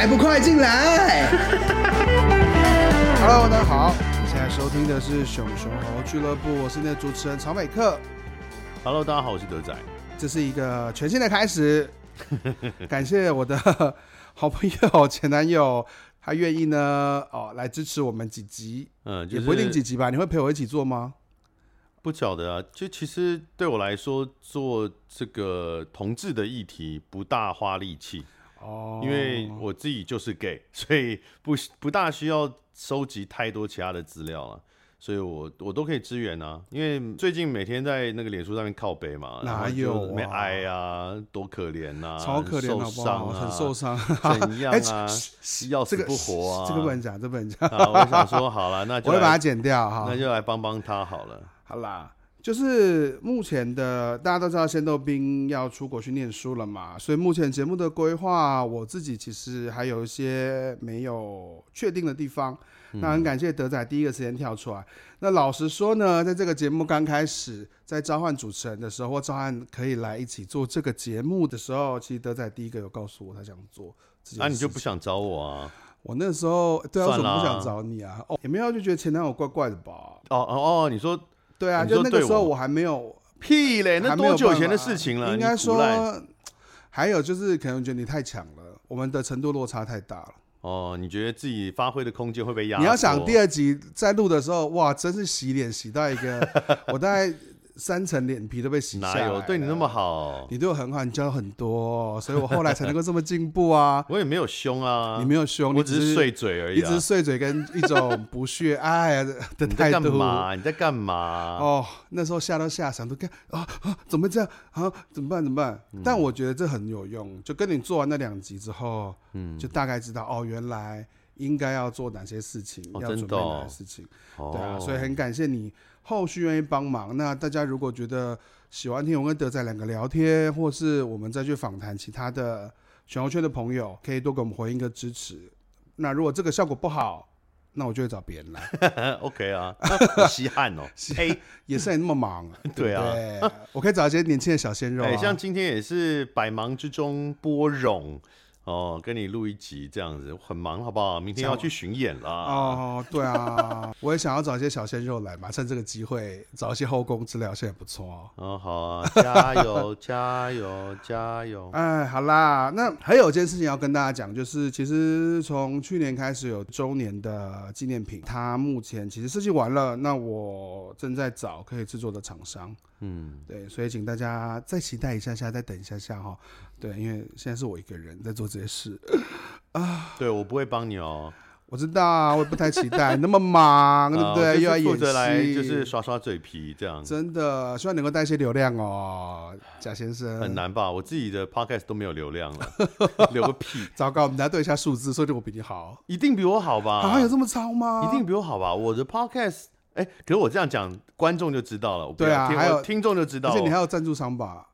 還不快進來！Hello，大家好，你現在收聽的是《熊熊猴俱樂部》，我是你的主持人曹美克。Hello，大家好，我是德仔。這是一個全新的開始， 感謝我的好朋友前男友，他願意呢哦來支持我們幾集，嗯、就是，也不一定幾集吧？你會陪我一起做嗎？不曉得啊，就其實對我來說，做這個同志的議題不大花力氣。哦、oh，因為我自己就是 gay，所以不不大需要收集太多其他的資料，所以我我都可以支援啊。因為最近每天在那個臉書上面靠背嘛，哪有沒、啊、愛啊？多可憐吶、啊！超可憐受傷、啊，傷很受傷，怎樣啊？ 要死不活啊、這個！這個不能講，這個、不能講。啊，我想說好了，那就我要把它剪掉哈，那就來幫幫他好了。好啦。就是目前的，大家都知道仙豆冰要出國去念書了嘛，所以目前節目的規劃，我自己其實還有一些沒有確定的地方。那很感謝德仔第一個時間跳出來、嗯。那老實說呢，在這個節目剛開始，在召喚主持人的時候，或召喚可以來一起做這個節目的時候，其實德仔第一個有告訴我他想做。那、啊、你就不想找我啊？我那時候對啊，為什麼不想找你啊？哦，也沒有，就覺得前男友怪怪的吧？哦哦哦，你說。對啊，就那個時候我還沒有屁嘞，還沒有，那多久前的事情了？應該說，還有就是可能覺得你太強了，我們的程度落差太大了。哦，你覺得自己發揮的空間會被壓？你要想第二集在錄的時候，哇，真是洗臉洗到一個， 我在。三層臉皮都被洗下來了。哪有對你那麼好。哦，你對我很好，你教了很多，哦，所以我後來才能夠這麼進步啊！ 我也沒有兇啊，你沒有兇，我只是碎嘴而已，啊。你只是 一直碎嘴跟一種不屑哎的態度。你在幹嘛？你在幹嘛？哦，那時候嚇到嚇想都看啊啊！怎麼這樣啊？怎麼辦？怎麼辦？但我覺得這很有用，就跟你做完那兩集之後，嗯，就大概知道哦，原來應該要做哪些事情，哦真的哦，要準備哪些事情，哦，對啊，所以很感謝你。後續願意幫忙，那大家如果覺得喜歡聽我跟德仔兩個聊天，或是我們再去訪談其他的選後圈的朋友，可以多給我們回應一個支持。那如果這個效果不好，那我就會找別人了。 OK 啊，稀罕哦，嘿、 欸，也是那麼忙， 對，對，對啊， 我可以找一些年輕的小鮮肉、啊欸，像今天也是百忙之中撥冗。哦，跟你錄一集這樣子很忙，好不好？明天要去巡演了。哦，對啊， 我也想要找一些小鮮肉來嘛，馬趁這個機會找一些後宮資料，現在也不錯哦。好啊，加油， 加油，加油！哎，好啦，那還有一件事情要跟大家講，就是其實從去年開始有周年的紀念品，它目前其實設計完了，那我正在找可以制作的廠商。嗯，對，所以請大家再期待一下下，再等一下下哈。對，因為現在是我一個人在做這些事啊。對，我不會幫你哦。我知道啊，我也不太期待， 那麼忙、啊，對不對？啊、又要負責來就是刷刷嘴皮這樣。真的，希望能夠帶一些流量哦，賈先生。很難吧？我自己的 podcast 都沒有流量了， 流個屁！糟糕，你來對一下數字，說不定我比你好。一定比我好吧？好、啊、有這麼糟嗎？一定比我好吧？我的 podcast，哎、欸，可是我這樣講，觀眾就知道了。對啊，還有聽眾就知道了，而且你還有贊助商吧？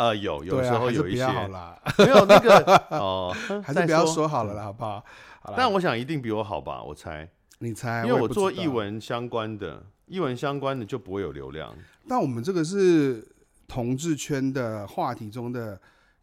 呃，有、啊、有時候有一些，好啦，沒有那個 哦，還是不要說好了啦，嗯、好不好？好啦，但我想一定比我好吧，我猜。你猜、啊？因為我做藝文相關的，藝文相關的就不會有流量。但我們這個是同志圈的話題中的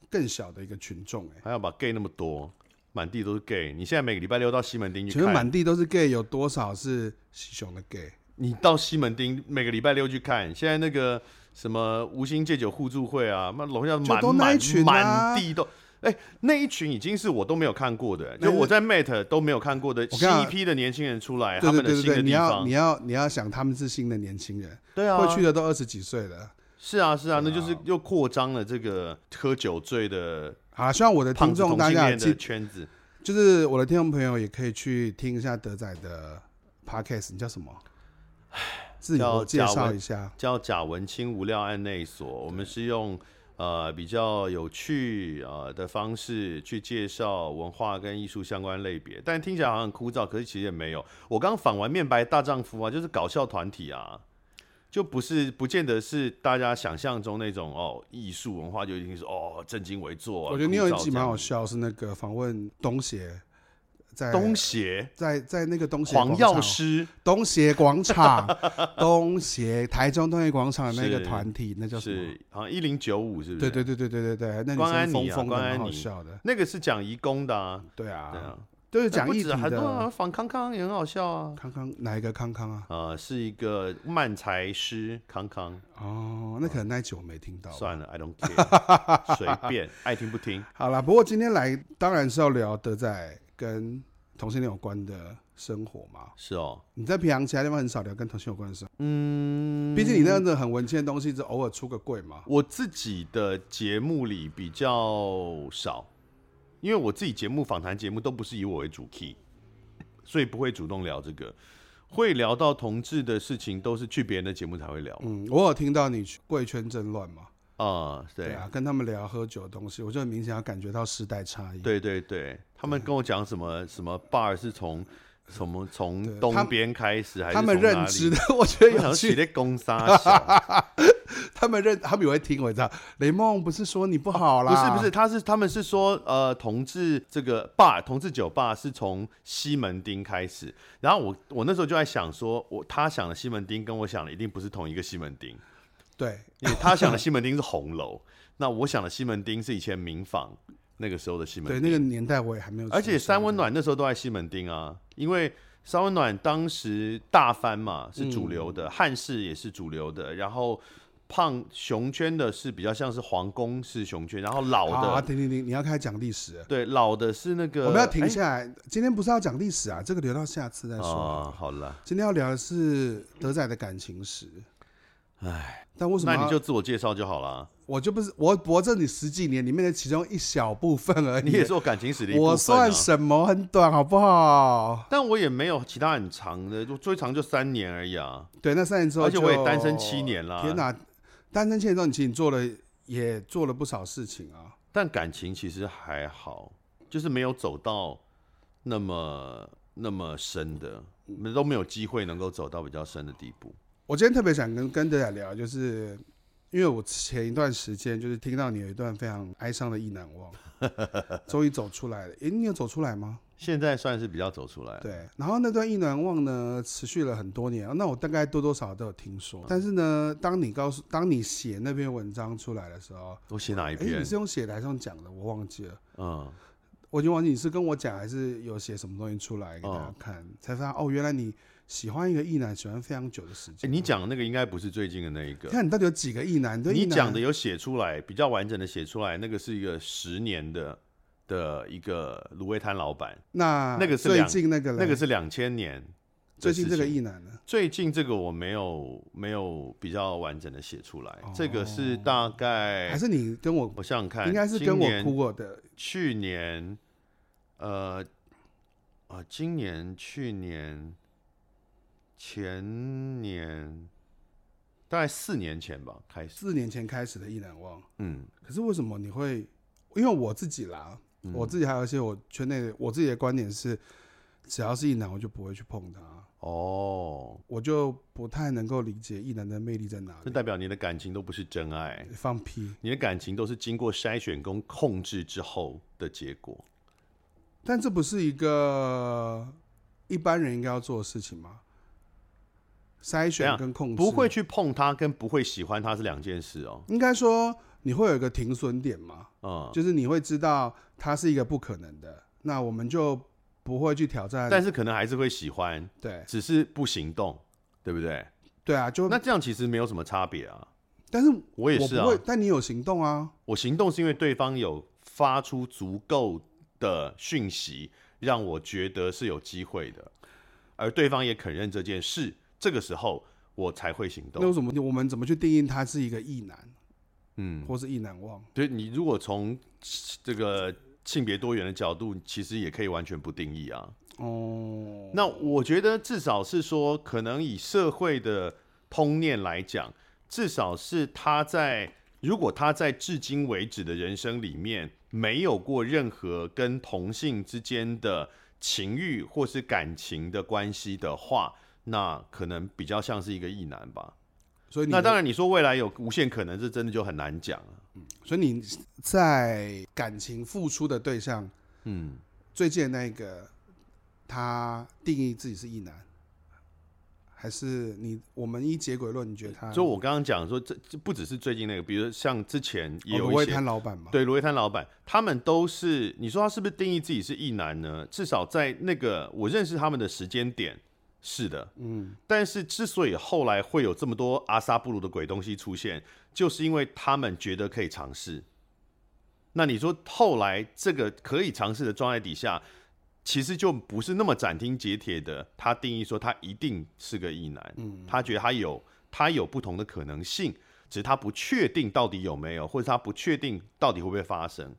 更小的一個群眾、欸，還要把 gay 那麼多，滿地都是 gay。你現在每個禮拜六到西門町去看，滿地都是 gay，有多少是熊的 gay？你，你到西門町每個禮拜六去看，現在那個。什麼無心戒酒互助會啊？那樓下滿都群、啊、滿滿地都，哎、欸，那一群已經是我都沒有看過的，就我在 Mate 都沒有看過的，新一批的年輕人出來，他、對對對對對他們的新的地方。你要你要你要想，他們是新的年輕人，對啊，過去的都二十幾歲了。是啊、是啊、是、啊是啊，那就是又擴張了這個喝酒醉的、的。好，希望我的聽眾大家記得，就是我的聽眾朋友也可以去聽一下德仔的 Podcast。你叫什麼？哎。自己介紹一下，叫假文，文青無料案內所。我們是用呃比較有趣啊、呃、的方式去介紹文化跟藝術相關類別，但聽起來好像很枯燥，可是其實也沒有。我剛訪完面白大丈夫啊，就是搞笑團體啊，就不是不見得是大家想象中那種哦，藝術文化就已經是哦正襟危坐、啊。我覺得你有一集蠻好笑，是那個訪問董協。嗯嗯東邪在在那個東協黃藥師東協廣場，東協 台中東協廣場那個團體，那叫什麼是麼？啊，一零九五是不是？對對對對對對那關愛你啊，松松的關愛你，啊，那個是講移工的啊。對啊，對啊，都是講移工很多啊。仿康康也很好笑啊。康康哪一個康康啊？呃，是一個漫才師康康哦。那可能那一集我沒聽到，啊，算了，I don't care，隨便 愛聽不聽。好了，嗯，不過今天來當然是要聊德仔。跟同性戀有關的生活嗎？是哦、喔，你在平陽其他地方很少聊跟同性有關的事。嗯，畢竟你那個很文青的東西，就偶爾出個櫃嘛。我自己的節目裡比較少，因為我自己節目訪談節目都不是以我為主 key，所以不會主動聊這個。會聊到同志的事情，都是去別人的節目才會聊。嗯，偶爾聽到你貴圈真亂嗎？啊、嗯，對啊，跟他們聊喝酒的東西，我就很明顯要感覺到時代差異。對對對，對他們跟我講什麼什麼 bar 是從什麼從，從東邊開始，還是公沙？他們認，他， 他，們認他們也會聽我講。雷夢不是說你不好啦？啊、不是不是，他是他們是說呃，同志這個 bar 同志酒吧是從西門町開始。然後我我那時候就在想說，說我他想的西門町跟我想的一定不是同一個西門町。對，因為他想的西門町是紅樓， 那我想的西門町是以前民房那個時候的西門町。對，那個年代我也還沒有。而且三溫暖、啊、嗯、暖那時候都在西門町啊，因為三溫暖當時大翻嘛，是主流的，嗯、漢式也是主流的。然後胖熊圈的是比較像是皇宮式熊圈，然後老的好好，停停停，你要開始講歷史。對，老的是那個我們要停下來，欸、今天不是要講歷史啊，這個留到下次再說哦。好了，今天要聊的是德仔的感情史。哎，但為什麼那你就自我介紹就好了？我就不是，我博這你十幾年裡面的其中一小部分而已。你也做感情史的一部分啊。我算什麼很短，好不好？但我也沒有其他很長的，最長就三年而已啊。對，那三年之後，而且我也單身七年了。天吶，單身七年之後，你其實你做了也做了不少事情啊。但感情其實還好，就是沒有走到那麼那麼深的，我們都沒有機會能夠走到比較深的地步。我今天特別想跟跟德仔聊，就是因為我前一段時間就是聽到你有一段非常哀傷的意難忘， 終於走出來了。哎，你有走出來嗎？現在算是比較走出來。對。然後那段意難忘呢，持續了很多年。那我大概多多少都有聽說。嗯、但是呢，當你告訴當你寫那篇文章出來的時候，我寫哪一篇？哎，你是用寫的還是用講的，我忘記了。嗯，我就忘記你是跟我講，還是有寫什麼東西出來給大家看，嗯、才發現哦，原來你。喜歡一個異男，喜歡非常久的時間、欸。你講的那個應該不是最近的那一個。看你到底有幾個異男，男？你講的有寫出來，比較完整的寫出來，那個是一個十年的的一個滷味攤老板。那那個是最近那個，那個是兩千年，最近這個異男呢？最近這個我沒有沒有比較完整的寫出來。Oh, 這個是大概還是你跟我？我想想看，應該是跟我哭過的。去年，呃，啊，今年，去年。呃呃前年，大概四年前吧，開始，四年前開始的異男忘，嗯，可是為什麼你會？因為我自己啦，嗯、我自己還有一些我圈內我自己的觀點是，只要是異男我就不會去碰它。哦，我就不太能夠理解異男的魅力在哪裡。這代表你的感情都不是真愛，放屁！你的感情都是經過篩選跟控制之後的結果，但這不是一個一般人應該要做的事情嗎？篩選跟控制，不會去碰他，跟不會喜歡他是兩件事哦。應該說你會有一個停損點嘛？嗯，就是你會知道他是一個不可能的，那我們就不會去挑戰。但是可能還是會喜歡。對，只是不行動，對不對？對啊，就那這樣其實沒有什麼差別啊。但是我，我也是啊。但你有行動啊。我行動是因為對方有發出足夠的訊息，讓我覺得是有機會的，而對方也肯認這件事。這個時候我才會行動。那為什麼我們怎麼去定義他是一個異男？嗯，或是異男忘？對，你如果從這個性別多元的角度，其實也可以完全不定義啊。哦，那我覺得至少是說，可能以社會的通念來講，至少是他在如果他在至今為止的人生裡面沒有過任何跟同性之間的情欲或是感情的關係的話，那可能比較像是一個異男吧，所以那當然你說未來有無限可能，這真的就很難講了。嗯，所以你在感情付出的對象，嗯，最近那個他定義自己是異男，還是你我們一結果論？你覺得他所以剛剛？就我剛剛講說，這不只是最近那個，比如說像之前也有一些滷味攤老闆嘛，對滷味攤老闆，他們都是你說他是不是定義自己是異男呢？至少在那個我認識他們的時間點。是的，嗯，但是之所以後來會有這麼多阿薩布魯的鬼東西出現，就是因為他們覺得可以嘗試。那你說後來這個可以嘗試的狀態底下，其實就不是那麼斬釘截鐵的，他定義說他一定是個異男，嗯，他覺得他有他有不同的可能性，只是他不確定到底有沒有，或者他不確定到底會不會發生。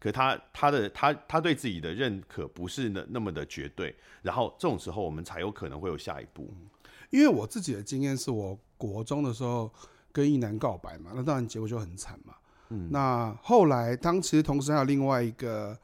可他他的他他對自己的認可不是那那麼的絕對，然後這種時候我們才有可能會有下一步。嗯、因為我自己的經驗是，我國中的時候跟異男告白嘛，那當然結果就很慘嘛。嗯，那後來當時同時還有另外一個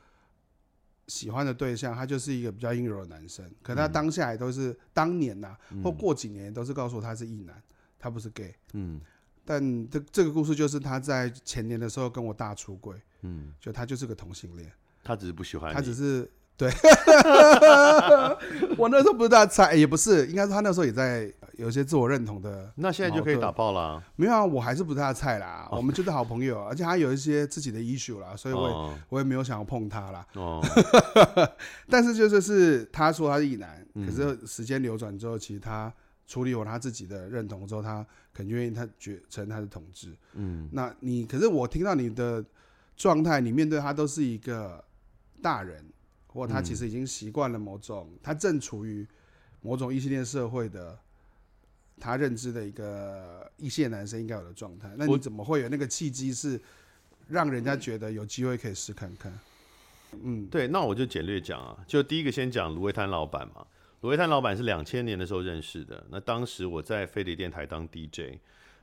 喜歡的對象，他就是一個比較陰柔的男生，可他當下也都是當年吶、啊嗯，或過幾年也都是告訴我他是異男，他不是 gay。嗯，但這這個故事就是他在前年的時候跟我大出櫃。嗯，就他就是個同性戀，嗯，他只是不喜歡，他只是對。 我那時候不是他菜，欸、也不是，應該是他那時候也在有些自我認同的。那現在就可以打炮了。沒有啊，我還是不是他的菜啦，哦？我們就是好朋友，而且他有一些自己的 issue 啦，所以我也，哦、我也沒有想要碰他啦。哦、 但是就是是他說他是異男，嗯，可是時間流轉之後，其實他處理完他自己的認同之後，他肯定願意他決承認他是同志。嗯，那你可是我聽到你的。狀態，你面對他都是一個大人，或他其實已經習慣了某種，嗯、他正處於某種異性戀社會的他認知的一個異男生應該有的狀態。那你怎麼會有那個契機，是讓人家覺得有機會可以試看看？嗯，對，那我就簡略講啊，就第一個先講滷味攤老闆嘛。滷味攤老闆是兩千年的時候認識的，那當時我在飛碟電台當 DJ。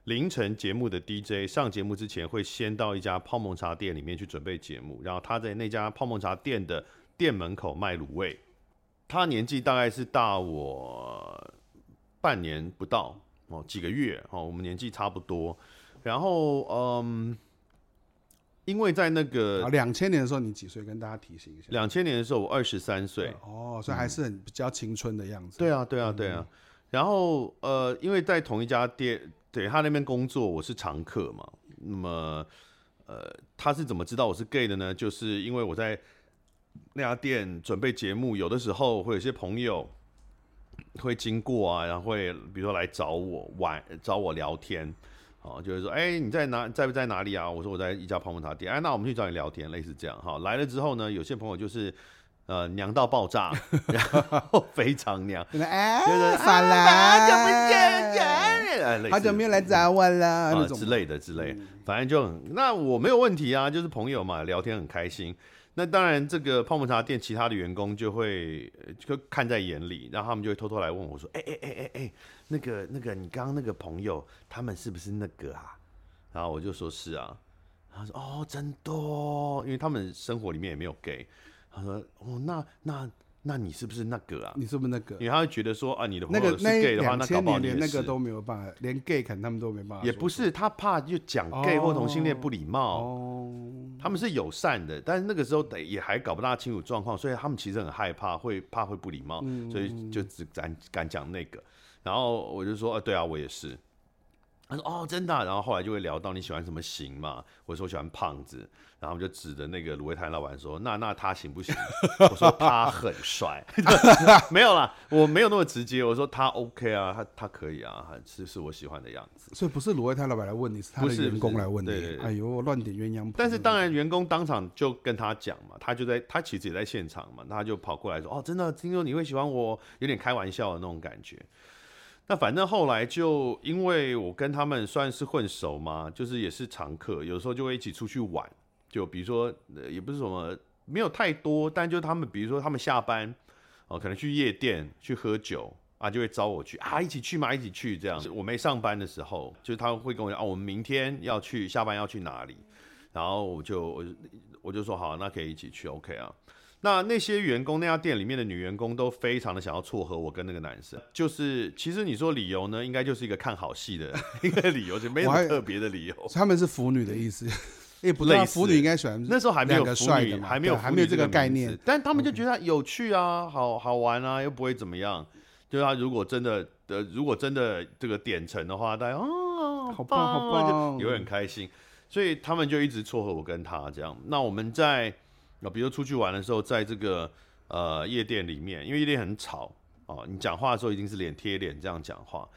凌晨節目的 DJ 上節目之前會先到一家泡沫茶店裡面去準備節目，然後他在那家泡沫茶店的店門口賣滷味。他年紀大概是大我半年不到哦，幾個月哦，我們年紀差不多。然後嗯，因為在那個兩千、啊、年的時候，你幾歲？跟大家提醒一下，兩千年的時候我二十三歲哦、哦，所以還是很比較青春的樣子。嗯、對啊，對啊，對啊。嗯、然後呃，因為在同一家店。對他那邊工作，我是常客嘛。那麼，呃，他是怎麼知道我是 gay 的呢？就是因為我在那家店準備節目，有的時候會有些朋友會經過啊，然後會比如說來找我玩，找我聊天啊，就是說：“哎，你在哪？在不在哪裡啊？”我說：“我在一家泡沫茶店。”哎，那我們去找你聊天，類似這樣。好，來了之後呢，有些朋友就是。呃，娘到爆炸， 然後非常娘， 就是發、哎啊、了，好久沒見，好久沒有來找我了，之類的，之類的，嗯、反正就很，那我沒有問題啊，就是朋友嘛，聊天很開心。那當然，這個泡沫茶店其他的員、呃、工就會就會看在眼裡，然後他們就會偷偷來問我說，哎哎哎哎哎，那個那個，你剛剛那個朋友他們是不是那個啊？然後我就說是啊，他說哦，真多、哦，因為他們生活裡面也沒有 gay。他說：“哦，那那那你是不是那個啊？你是不是那個？因為他會覺得說啊，你的朋友是 gay 的話，那個、那、那搞不好是連那個都沒有辦法，連 gay 肯定他們都沒辦法。也不是他怕就講 gay 或同性戀不禮貌、哦哦，他們是友善的，但是那個時候得也還搞不大清楚狀況，所以他們其實很害怕，會怕會不禮貌、嗯，所以就只敢敢講那個。然後我就說：啊，對啊，我也是。他說：哦，真的、啊。然後後來就會聊到你喜歡什麼型嘛，我說我喜歡胖子。”然後就指着那個滷味攤老板說：“那那他行不行？” 我說：“他很帥。 ”沒有啦，我沒有那麼直接。我說：“他 OK 啊，他他可以啊，是是我喜歡的樣子。”所以不是滷味攤老板來問你是，不是不是，是他的員工來問你。對對對。哎呦，我亂點鴛鴦譜。但是當然，員工當場就跟他講嘛。他就在他其實也在現場嘛，他就跑過來說：“哦，真的聽說你會喜歡我，有點開玩笑的那種感覺。”那反正後來就因為我跟他們算是混熟嘛，就是也是常客，有時候就會一起出去玩。就比如說，也不是什麼沒有太多，但就是他們，比如說他們下班，哦，可能去夜店去喝酒啊，就會找我去啊，一起去嘛，一起去這樣。我沒上班的時候，就是他會跟我講，啊，我們明天要去下班要去哪裡，然後我就我就說好，那可以一起去，OK 啊。那那些員工那家店裡面的女員工都非常的想要撮合我跟那個男生，就是其實你說理由呢，應該就是一個看好戲的一個理由，就沒有什麼特別的理由。 他們是腐女的意思。也、欸、不對、啊，類似，腐女應該喜歡。那時候還沒有腐女，還沒有還沒有這個概念，但他們就覺得有趣啊，好好玩啊，又不會怎麼樣。嗯、就他如果真的，呃，如果真的這個點成的話，大家哦、啊，好棒好棒，好棒，就也會很開心。所以他們就一直撮合我跟他這樣。那我們在比如說出去玩的時候，在這個呃夜店裡面，因為夜店很吵啊、哦，你講話的時候已經是臉貼臉這樣講話。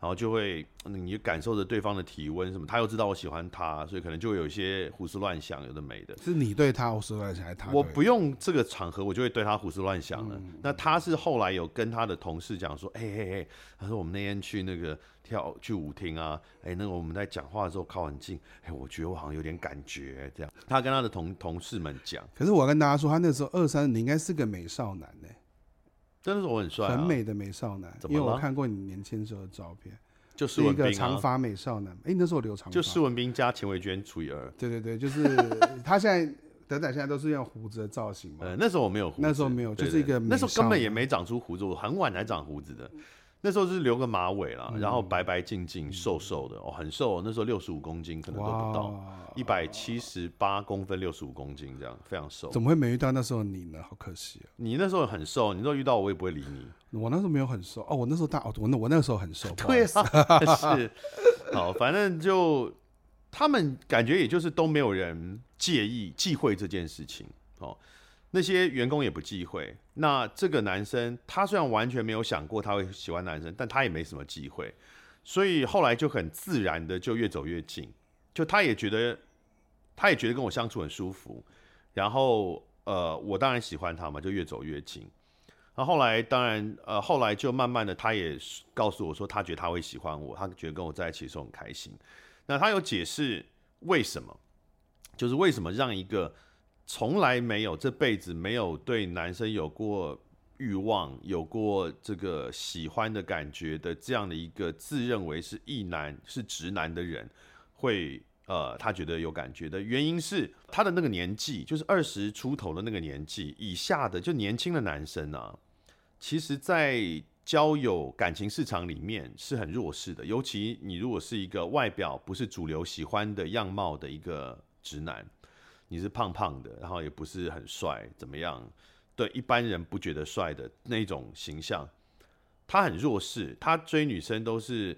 然後就會，你感受着對方的體溫什麼，他又知道我喜歡他，所以可能就會有一些胡思亂想，有的沒的。是你對他胡思亂想，還是他？我不用這個場合，我就會對他胡思亂想了、嗯。那他是後來有跟他的同事講說，哎哎哎，他說我們那天去那個跳去舞廳啊，哎、欸，那個我們在講話的時候靠很近，哎、欸，我覺得我好像有點感覺這樣。他跟他的同同事們講。可是我要跟大家說，他那時候二三你應該是個美少男呢。真的是我很帥、啊，很美的美少男，因為我看過你年輕時候的照片，就、啊、是一個長髮美少男。誒、啊欸，那時候留長髮，就施文斌加錢偉娟除以二，對對對，就是 他現在德仔現在都是用鬍子的造型嘛。呃，那時候我沒有鬍子，那時候沒有，就是一個美少男，對對對，那時候根本也沒長出鬍子，我很晚才長鬍子的。那時候就是留個馬尾啦，然後白白淨淨、嗯、瘦瘦的哦，很瘦。那時候六十五公斤可能都不到，一百七十八公分，六十五公斤這樣，非常瘦。怎麼會沒遇到那時候你呢？好可惜啊！你那時候很瘦，你都遇到我也不會理你。我那時候沒有很瘦哦，我那時候大哦，我那我那時候很瘦。對啊，是。 好，反正就他們感覺，也就是都沒有人介意忌諱這件事情，哦。那些員工也不忌諱。那這個男生，他雖然完全沒有想過他會喜歡男生，但他也沒什麼忌諱，所以後來就很自然的就越走越近。就他也覺得，他也覺得跟我相處很舒服。然後，呃，我當然喜歡他嘛，就越走越近。那後來，當然，呃，後來就慢慢的，他也告訴我說，他覺得他會喜歡我，他覺得跟我在一起的時候很開心。那他有解釋為什麼，就是為什麼讓一個，從來沒有這輩子沒有對男生有過慾望、有過這個喜歡的感覺的這樣的一個自認為是異男、是直男的人，會呃，他覺得有感覺的原因是他的那個年紀，就是二十出頭的那個年紀以下的，就年輕的男生啊，其實在交友感情市場裡面是很弱勢的，尤其你如果是一個外表不是主流喜歡的樣貌的一個直男。你是胖胖的，然後也不是很帥，怎麼樣？對，一般人不覺得帥的那種形象，他很弱勢。他追女生都是，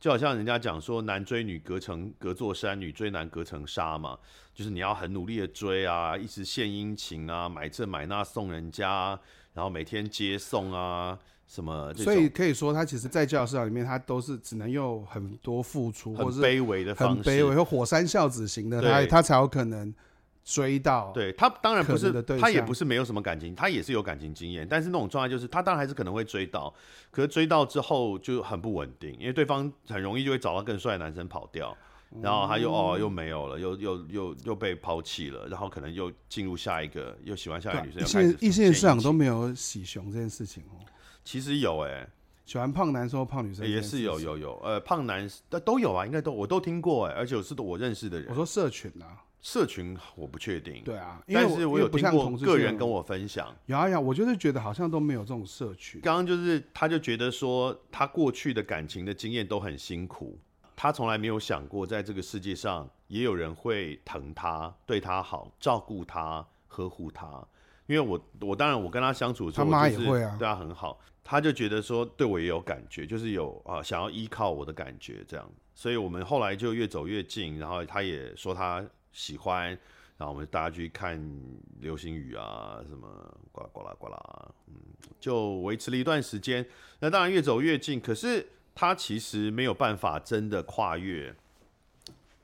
就好像人家講說，男追女隔層隔座山，女追男隔層紗嘛，就是你要很努力的追啊，一直獻殷勤啊，買這買那送人家，然後每天接送啊什麼。所以可以說，他其實在交友市場裡面，他都是只能用很多付出，或是卑微的方式，或是很卑微，火山孝子型的他，他才有可能。追到對，對他當然不是，他也不是沒有什麼感情，他也是有感情經驗，但是那種狀態就是他當然還是可能會追到，可是追到之後就很不穩定，因為對方很容易就會找到更帥的男生跑掉，然後他又、嗯、哦，又沒有了，又又又又被拋棄了，然後可能又進入下一個，又喜歡下一個女生。異性異性市場都沒有喜熊這件事情哦？其實有哎、欸，喜歡胖男生胖女生也是有有有，呃胖男的都有啊，應該都我都聽過哎、欸，而且我是我認識的人。我說社群啊。社群我不確定，對啊，但是我有聽過個人跟我分享，呀呀、啊，我就是覺得好像都沒有這種社群。剛剛就是他就覺得說，他過去的感情的經驗都很辛苦，他從來沒有想過在這個世界上也有人會疼他、對他好、照顧他、呵護他。因為我我當然我跟他相處的時候，他媽也會啊，我就是對他很好，他就覺得說對我也有感覺，就是有啊想要依靠我的感覺這樣，所以我們後來就越走越近，然後他也說他。喜歡，然後我們大家去看流星雨啊，什麼呱啦呱啦呱啦，嗯，就維持了一段時間。那當然越走越近，可是他其實沒有辦法真的跨越，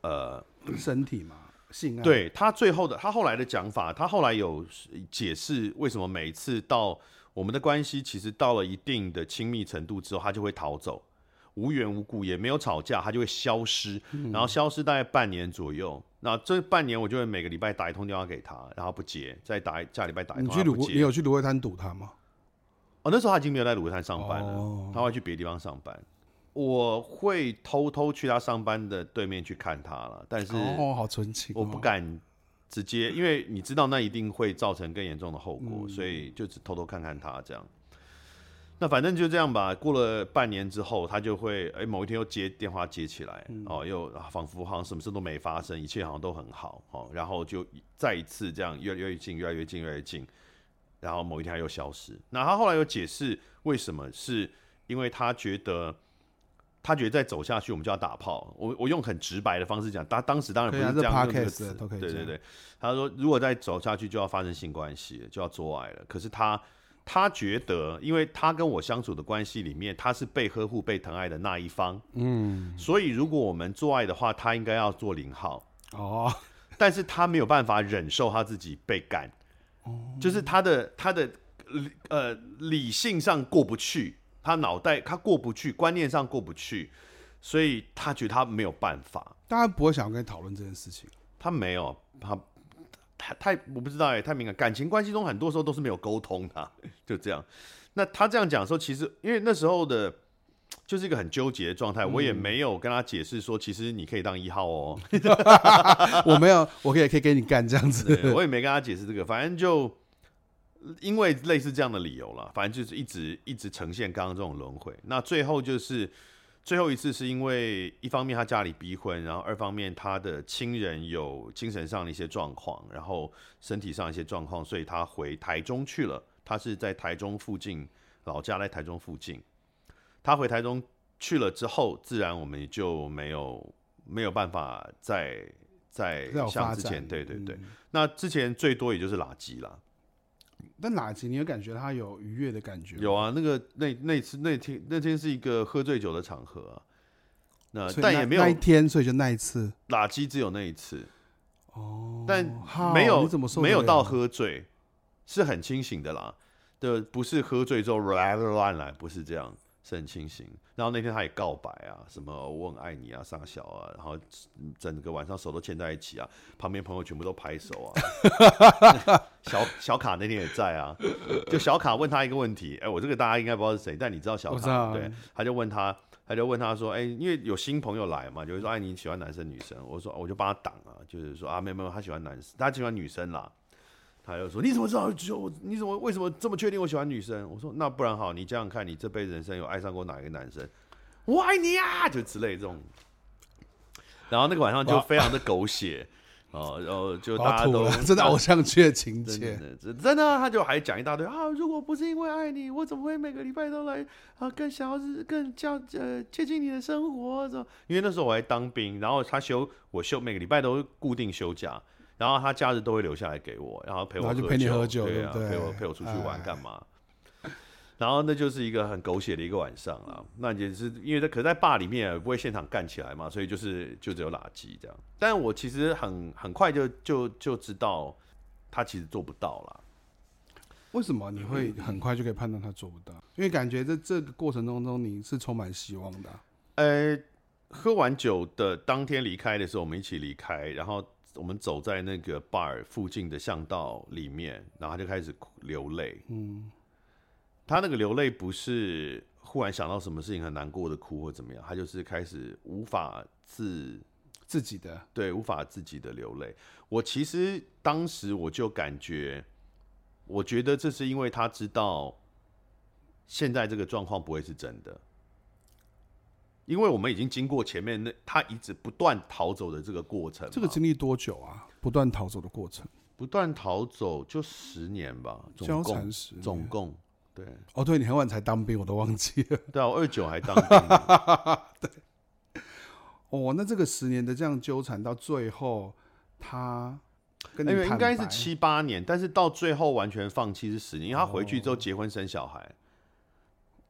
呃，身體嘛，性愛。對，他最後的，他後來的講法，他後來有解釋為什麼每次到我們的關係其實到了一定的親密程度之後，他就會逃走，無緣無故也沒有吵架，他就會消失，嗯、然後消失大概半年左右。那這半年，我就會每個禮拜打一通電話給他，然後不接，再打一下禮拜打一通。你去你有去蘆薈灘堵他嗎？哦，那時候他已經沒有在蘆薈灘上班了，哦，他會去別的地方上班。我會偷偷去他上班的對面去看他了，但是好純情，我不敢直接，哦哦，因為你知道那一定會造成更嚴重的後果，嗯，所以就只偷偷看看他這樣。那反正就這樣吧。過了半年之後，他就會哎、欸，某一天又接電話接起來，哦、嗯，又、啊、仿佛好像什麼事都沒發生，一切好像都很好，哦，然後就再一次這樣越來越近，越來越近，越來越近，然後某一天他又消失。那他後來又解釋為什麼是，因為他覺,他覺得他覺得再走下去我們就要打炮。我我用很直白的方式講，他當時當然不是這樣的、啊、用這個這對對對。他說如果再走下去就要發生性關係，就要做愛了。可是他。他覺得，因為他跟我相處的關係裡面，他是被呵護、被疼愛的那一方，嗯，所以如果我們做愛的話，他應該要做零號哦。但是他沒有辦法忍受他自己被幹，哦、嗯，就是他的他的呃理性上過不去，他腦袋他過不去，觀念上過不去，所以他覺得他沒有辦法。大家不會想跟你討論這件事情，他沒有，他。太，太我不知道哎，太敏感。感情關係中很多時候都是沒有溝通的、啊，就這樣。那他這樣講的時候，其實因為那時候的就是一個很糾結的狀態、嗯，我也沒有跟他解釋說，其實你可以當一號哦。 我沒有，我可以可以跟你幹這樣子的，我也沒跟他解釋這個，反正就因為類似這樣的理由了，反正就是一直一直呈現剛剛這種輪迴。那最後就是。最後一次是因為一方面他家裡逼婚，然後二方面他的親人有精神上的一些狀況，然後身體上一些狀況，所以他回台中去了。他是在台中附近，老家在台中附近。他回台中去了之後，自然我們就沒有沒有辦法再再像之前，對對對、嗯。那之前最多也就是垃圾了。但哪集，你有感覺他有愉悅的感覺？有啊，那個那那次那天那天是一個喝醉酒的場合，啊，呃、那但也沒有，有那一，那那一天，所以就那一次，哪集只有那一次哦，但沒有沒有到喝醉，是很清醒的啦，的不是喝醉之後亂亂來，不是這樣。是很清醒，然後那天他也告白啊，什麼、哦、我很愛你啊，上小啊，然後整個晚上手都牽在一起啊，旁邊朋友全部都拍手啊， 小小卡那天也在啊，就小卡問他一個問題，哎，我這個大家應該不知道是誰，但你知道小卡，我知道啊、對，他就問他，他就問他說，哎，因為有新朋友來嘛，就是說，哎，你喜歡男生女生？我說我就幫他擋啊，就是說啊，沒有沒有，他喜歡男生，他喜歡女生啦。他又說：“你怎麼知道？就我你怎麼為什麼這麼確定我喜歡女生？”我說：“那不然好，你這樣看你這輩子人生有愛上過哪一個男生？”“我愛你呀！”就之類的這種。然後那個晚上就非常的狗血哦，然後就大家都真的偶像劇的情節，真的他就還講一大堆啊。如果不是因為愛你，我怎麼會每個禮拜都來啊？更想要是更加呃接近你的生活？因為那時候我還當兵，然後他休我休，每個禮拜都固定休假。然後他假日都會留下來給我，然後陪我喝酒，就陪你喝酒對啊，對，陪我陪我出去玩幹嘛、哎。然後那就是一個很狗血的一個晚上，那也是因為他可在吧裡面不會現場幹起來嘛，所以就是就只有垃圾這樣。但我其實很很快就就就知道他其實做不到了。為什麼你會很快就可以判斷他做不到？因為感覺在這個過程當中你是充滿希望的、啊。呃，喝完酒的當天離開的時候，我們一起離開，然後。我們走在那個 bar 附近的巷道裡面，然後他就開始流淚。嗯，他那個流淚不是忽然想到什麼事情很難過的哭或怎麼樣，他就是開始無法自自己的，對，無法自己的流淚。我其實當時我就感覺，我覺得這是因為他知道現在這個狀況不會是真的。因為我們已經經過前面，那他一直不斷逃走的這個過程，這個經歷多久啊？不斷逃走的過程，不斷逃走就十年吧，總共糾纏十年總共，對。哦，對，你很晚才當兵，我都忘記了。對啊，我二九還當兵。 對。哦，那這個十年的這樣糾纏到最後，他因為、欸、應該是七八年，但是到最後完全放棄是十年，因為他回去之後結婚生小孩。哦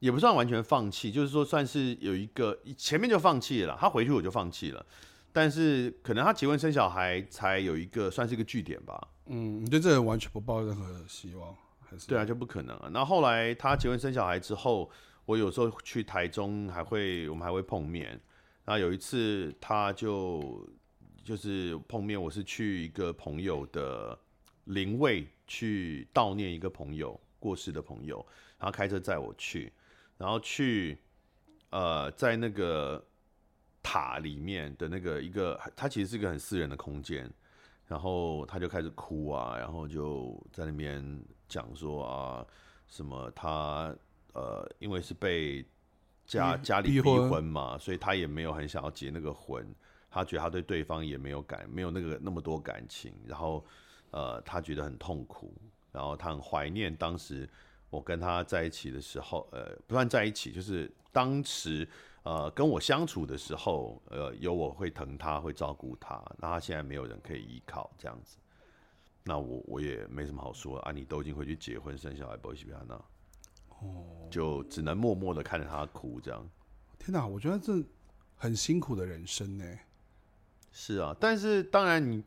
也不算完全放棄，就是說算是有一個前面就放棄了，他回去我就放棄了，但是可能他結婚生小孩才有一個算是一個句點吧。嗯，你對這個完全不抱任何希望還是？對啊，就不可能啊。然後，後來他結婚生小孩之後，我有時候去台中還會我們還會碰面。然後有一次他就就是碰面，我是去一個朋友的靈位，去悼念一個朋友過世的朋友，然後開車載我去。然後去，呃，在那個塔裡面的那個一個，它其實是一個很私人的空間，然後他就開始哭啊，然後就在那邊講說啊，什麼他呃，因為是被家家裡逼婚嘛，所以他也沒有很想要結那個婚。他覺得他對對方也沒有感沒有那個那麼多感情，然後呃，他覺得很痛苦，然後他很懷念當時我跟他在一起的時候，呃，不算在一起，就是當時，呃，跟我相處的時候，呃，有我會疼他，會照顧他，那他現在沒有人可以依靠，這樣子，那我我也沒什麼好說啊，你都已經回去結婚生小孩，不會不要呢。哦，就只能默默的看着他哭，這樣。天哪，我覺得這很辛苦的人生呢。是啊，但是當然你。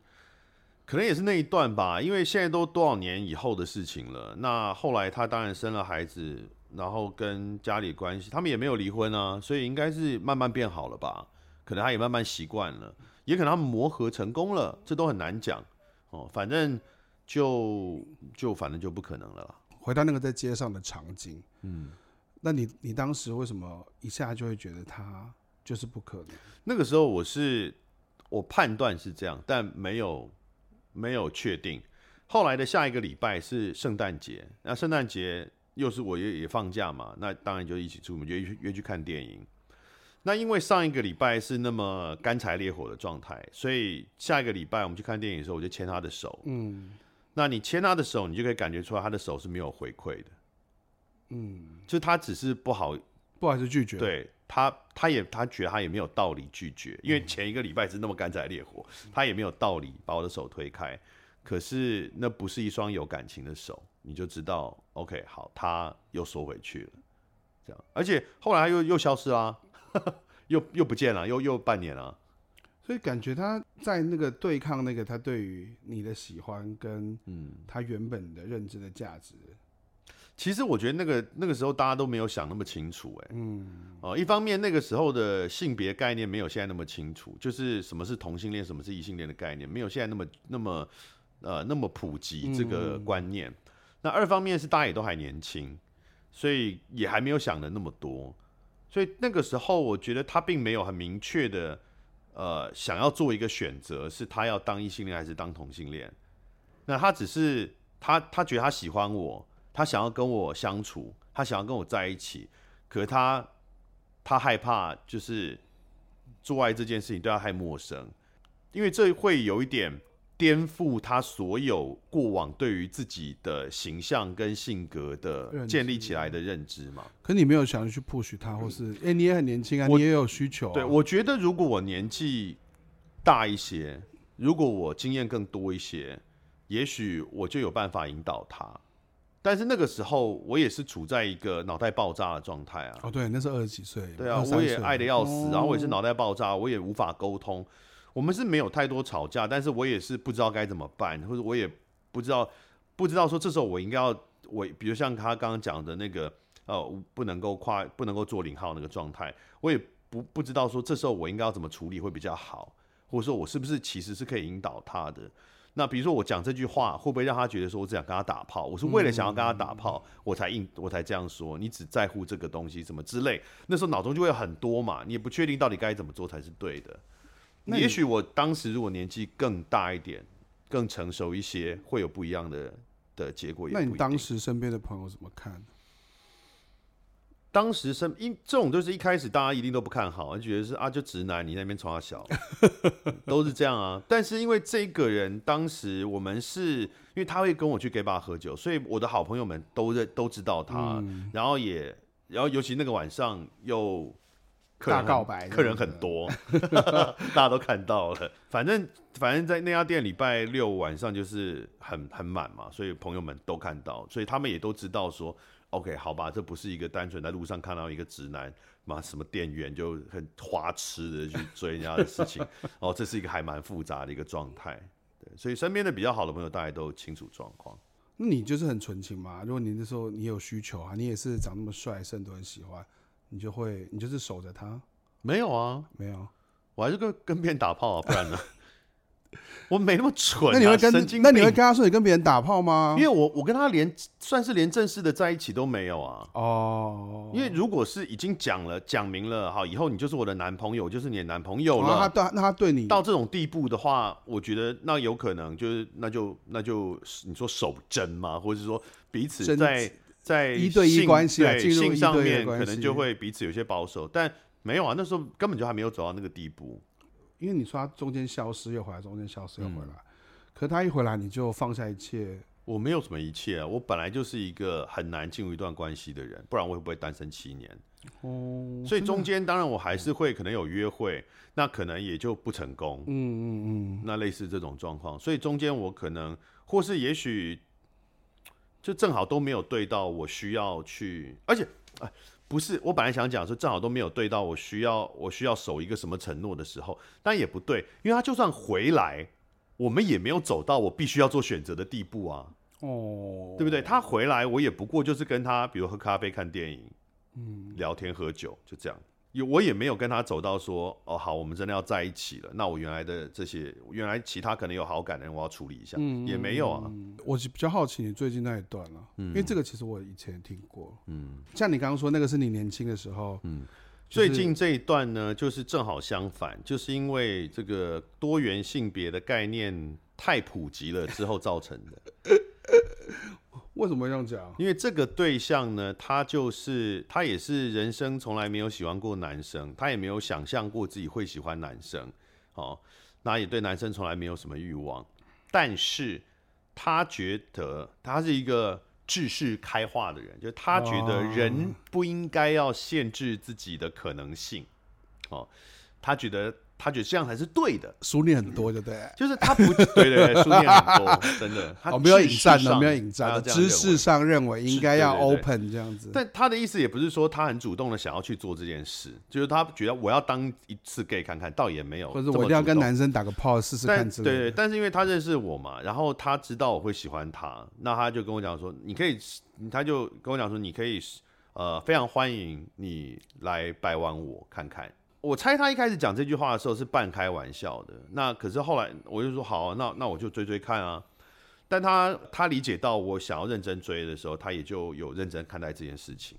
可能也是那一段吧，因為現在都多少年以後的事情了。那後來他當然生了孩子，然後跟家裡關係，他們也沒有離婚啊，所以應該是慢慢變好了吧。可能他也慢慢習慣了，也可能他們磨合成功了，這都很難講哦。反正就就反正就不可能了。回到那個在街上的場景，嗯，那你你當時為什麼一下就會覺得他就是不可能？那個時候我是我判斷是這樣，但沒有。沒有確定，後來的下一個禮拜是聖誕節，那聖誕節又是我也也放假嘛，那當然就一起出門約約去看電影。那因為上一個禮拜是那麼乾柴烈火的狀態，所以下一個禮拜我們去看電影的時候，我就牽他的手。嗯，那你牽他的手，你就可以感覺出來他的手是沒有回饋的。嗯，就他只是不好，不好意思拒絕。對。他他也他覺得他也沒有道理拒絕，因為前一個禮拜是那麼乾柴烈火，他也沒有道理把我的手推開。可是那不是一雙有感情的手，你就知道。OK，好，他又縮回去了，這樣。而且後來他又又消失啦、啊，又又不見了，又又半年了。所以感覺他在那個對抗那個他對於你的喜歡，跟嗯他原本的認知的價值。其實我覺得那個那個時候大家都沒有想那麼清楚、欸，哎，嗯，哦、呃，一方面那個時候的性別概念，沒有現在那麼清楚，就是什麼是同性戀，什麼是異性戀的概念，沒有現在那麼那麼呃那麼普及這個觀念、嗯。那二方面是大家也都還年輕，所以也還沒有想的那麼多，所以那個時候我覺得他並沒有很明確的呃想要做一個選擇，是他要當異性戀還是當同性戀？那他只是他他覺得他喜歡我。他想要跟我相處，他想要跟我在一起，可是他他害怕，就是做愛這件事情對他太陌生，因為這會有一點顛覆他所有過往對於自己的形象跟性格的建立起來的認知嘛。知可你沒有想要去 push 他，或是哎，嗯欸、你也很年輕啊，我，你也有需求、啊。對，我覺得如果我年紀大一些，如果我經驗更多一些，也許我就有辦法引導他。但是那個時候，我也是處在一個腦袋爆炸的狀態啊！哦，對，那是二十幾歲。對啊，我也愛得要死，哦，然後我也是腦袋爆炸，我也無法溝通。我們是沒有太多吵架，但是我也是不知道該怎麼辦，或者我也不知道，不知道說這時候我應該要我，比如像他剛剛講的那個，呃，不能夠跨，不能夠做零號那個狀態，我也不不知道說這時候我應該要怎麼處理會比較好，或者說我是不是其實是可以引導他的。那比如說我講這句話，會不會讓他覺得說我只想跟他打炮？我是為了想要跟他打炮，我才硬，我才這樣說。你只在乎這個東西，什麼之類，那時候腦中就會有很多嘛，你也不確定到底該怎麼做才是對的。那也許我當時如果年紀更大一點，更成熟一些，會有不一樣的的結果。那你當時身邊的朋友怎麼看？當時是因這種，就是一開始大家一定都不看好，覺得是啊，就直男你那邊從小， 都是這樣啊。但是因為這個人當時我們是因為他會跟我去 gay bar 喝酒，所以我的好朋友們都認都知道他，嗯、然後也然後尤其那個晚上又客人大告白，客人很多， 大家都看到了。反正反正在那家店禮拜六晚上就是很很滿嘛，所以朋友們都看到，所以他們也都知道說。OK，好吧，這不是一個單純在路上看到一個直男嘛，什麼店員就很花痴的去追人家的事情。哦，這是一個還蠻複雜的一個狀態。對，所以身邊的比較好的朋友，大家都清楚狀況。那你就是很純情嘛？如果你那時候你有需求啊，你也是長那麼帥，甚都很喜歡，你就會，你就是守着他？沒有啊，沒有，我還是跟跟別人打炮啊，不然呢？我沒那麼蠢、啊，那你會跟那你會跟他說你跟別人打炮嗎？因為我我跟他連算是連正式的在一起都沒有啊。哦、oh.，因為如果是已經講了講明了，好，以後你就是我的男朋友，就是你的男朋友了。Oh, 他對那他，他對你到這種地步的話，我覺得那有可能就是那就那就你說守貞嘛，或者是說彼此在在一對一關係、啊、性，性上面可能就會彼此有些保守，但沒有啊，那時候根本就還沒有走到那個地步。因為你說他中間消失又回來，中間消失又回來、嗯，可是他一回來你就放下一切。我沒有什麼一切啊，我本來就是一個很難進入一段關係的人，不然我也不會單身七年。哦，所以中間當然我還是會可能有約會、嗯，那可能也就不成功。嗯嗯嗯，那類似這種狀況，所以中間我可能或是也許就正好都沒有對到我需要去，而且哎。不是，我本來想講說，正好都沒有對到我需要我需要守一個什麼承諾的時候，但也不對，因為他就算回來，我們也沒有走到我必須要做選擇的地步啊，哦，對不對？他回來，我也不過就是跟他，比如喝咖啡、看電影，嗯，聊天、喝酒，就這樣。有我也沒有跟他走到說哦好，我們真的要在一起了。那我原來的這些原來其他可能有好感的人，我要處理一下，嗯、也沒有啊。我是比較好奇你最近那一段了、啊嗯，因為這個其實我以前聽過。嗯，像你剛剛說那個是你年輕的時候。嗯、就是，最近這一段呢，就是正好相反，就是因為這個多元性別的概念太普及了之後造成的。 呃為什麼要這樣講？因為這個對象呢，他就是他也是人生從來沒有喜歡過男生，他也沒有想象過自己會喜歡男生，哦，那也對男生從來沒有什麼欲望。但是，他覺得他是一個智識開化的人，就是、他覺得人不應該要限制自己的可能性，哦，他覺得。他覺得這樣才是對的，書念很多，就對，就是他不對，對，對，對，書念很多， 真的，他我沒有引戰的，沒有引戰知識上認為應該要 open 對對對對這樣子。但他的意思也不是說他很主動的想要去做這件事，就是他覺得我要當一次 gay 看看，倒也沒有，可是我一定要跟男生打個炮試試看之類。對，對，對，但是因為他認識我嘛，然後他知道我會喜歡他，那他就跟我講說，你可以，他就跟我講說，你可以，呃，非常歡迎你來掰彎我看看。我猜他一開始講這句話的時候是半開玩笑的，那可是後來我就說好啊，那那我就追追看啊。但他他理解到我想要認真追的時候，他也就有認真看待這件事情，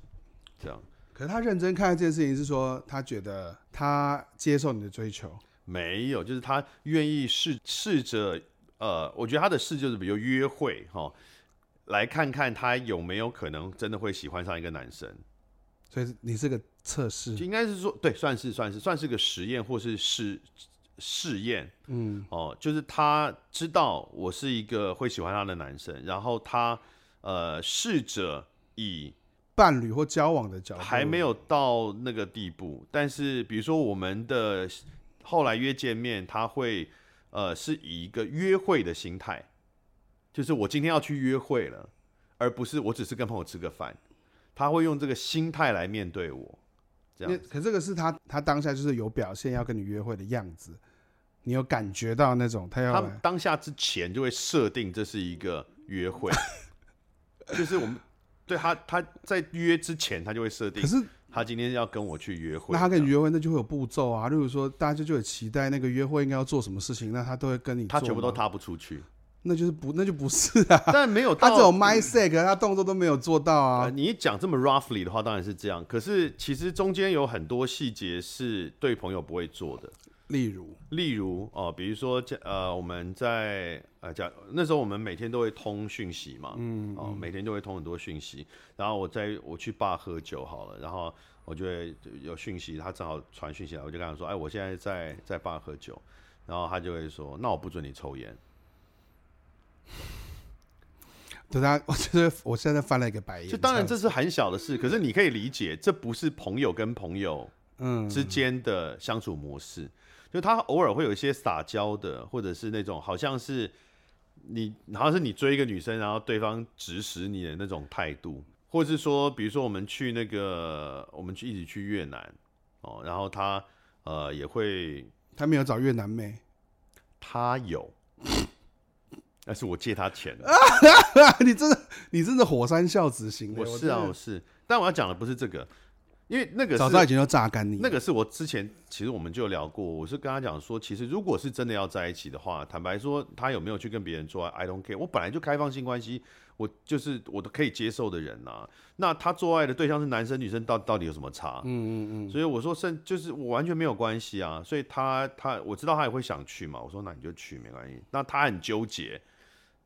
這樣。可是他認真看待這件事情，是說他覺得他接受你的追求？沒有，就是他願意試試着，呃，我覺得他的試就是比如約會哈，來看看他有沒有可能真的會喜歡上一個男生。所以你是個。測試應該是說，對，算是算是算是個實驗或是試試驗，嗯哦、呃，就是他知道我是一個會喜歡他的男生，然後他呃試着以伴侶或交往的角度，還沒有到那個地步。但是比如說我們的後來約見面，他會呃，是以一個約會的心態，就是我今天要去約會了，而不是我只是跟朋友吃個飯。他會用這個心態來面對我。那可這個是他，他當下就是有表現要跟你約會的樣子，你有感覺到那種他要他當下之前就會設定這是一個約會， 就是我們對他他在約之前他就會設定，可是，他今天要跟我去約會，那他跟你約會那就會有步驟啊。如果說大家就有期待那個約會應該要做什麼事情，那他都會跟你做，他全部都踏不出去。那就是不，那就不是啊。 但沒有他、啊、只有 mindset，、嗯、他動作都沒有做到啊。呃、你一講這麼 roughly 的話，當然是這樣。可是其實中間有很多細節是對朋友不會做的，例如，例如哦，比如說呃，我們在呃，講那時候我們每天都會通訊息嘛，嗯，哦，每天都會通很多訊息。然後我在我去爸喝酒好了，然後我就會有訊息，他正好傳訊息來，我就跟他說：“哎，我現在在在爸喝酒。”然後他就會說：“那我不准你抽菸。”大 家，我覺得我現在翻了一個白眼。就當然這是很小的事， 可是你可以理解，這不是朋友跟朋友嗯之間的相處模式。嗯、就他偶爾會有一些撒嬌的，或者是那種好像是你好像是你追一個女生，然後對方指使你的那種態度，或者是說，比如說我們去那個我們去一起去越南哦，然後他呃也會，他沒有找越南妹，他有。那是我借他錢， 你真的，你真的火山孝子型我是啊我、就是，我是。但我要講的不是這個，因為那個早上以前要榨乾你。那個是我之前其實我們就聊過，我是跟他講說，其實如果是真的要在一起的話，坦白說，他有沒有去跟別人做愛，I don't care。我本來就開放性關係，我就是我都可以接受的人吶、啊。那他做愛的對象是男生女生，到到底有什麼差？嗯嗯嗯。所以我說，甚，就是我完全沒有關係啊。所以他他我知道他也會想去嘛。我說那你就去沒關係。那他很糾結。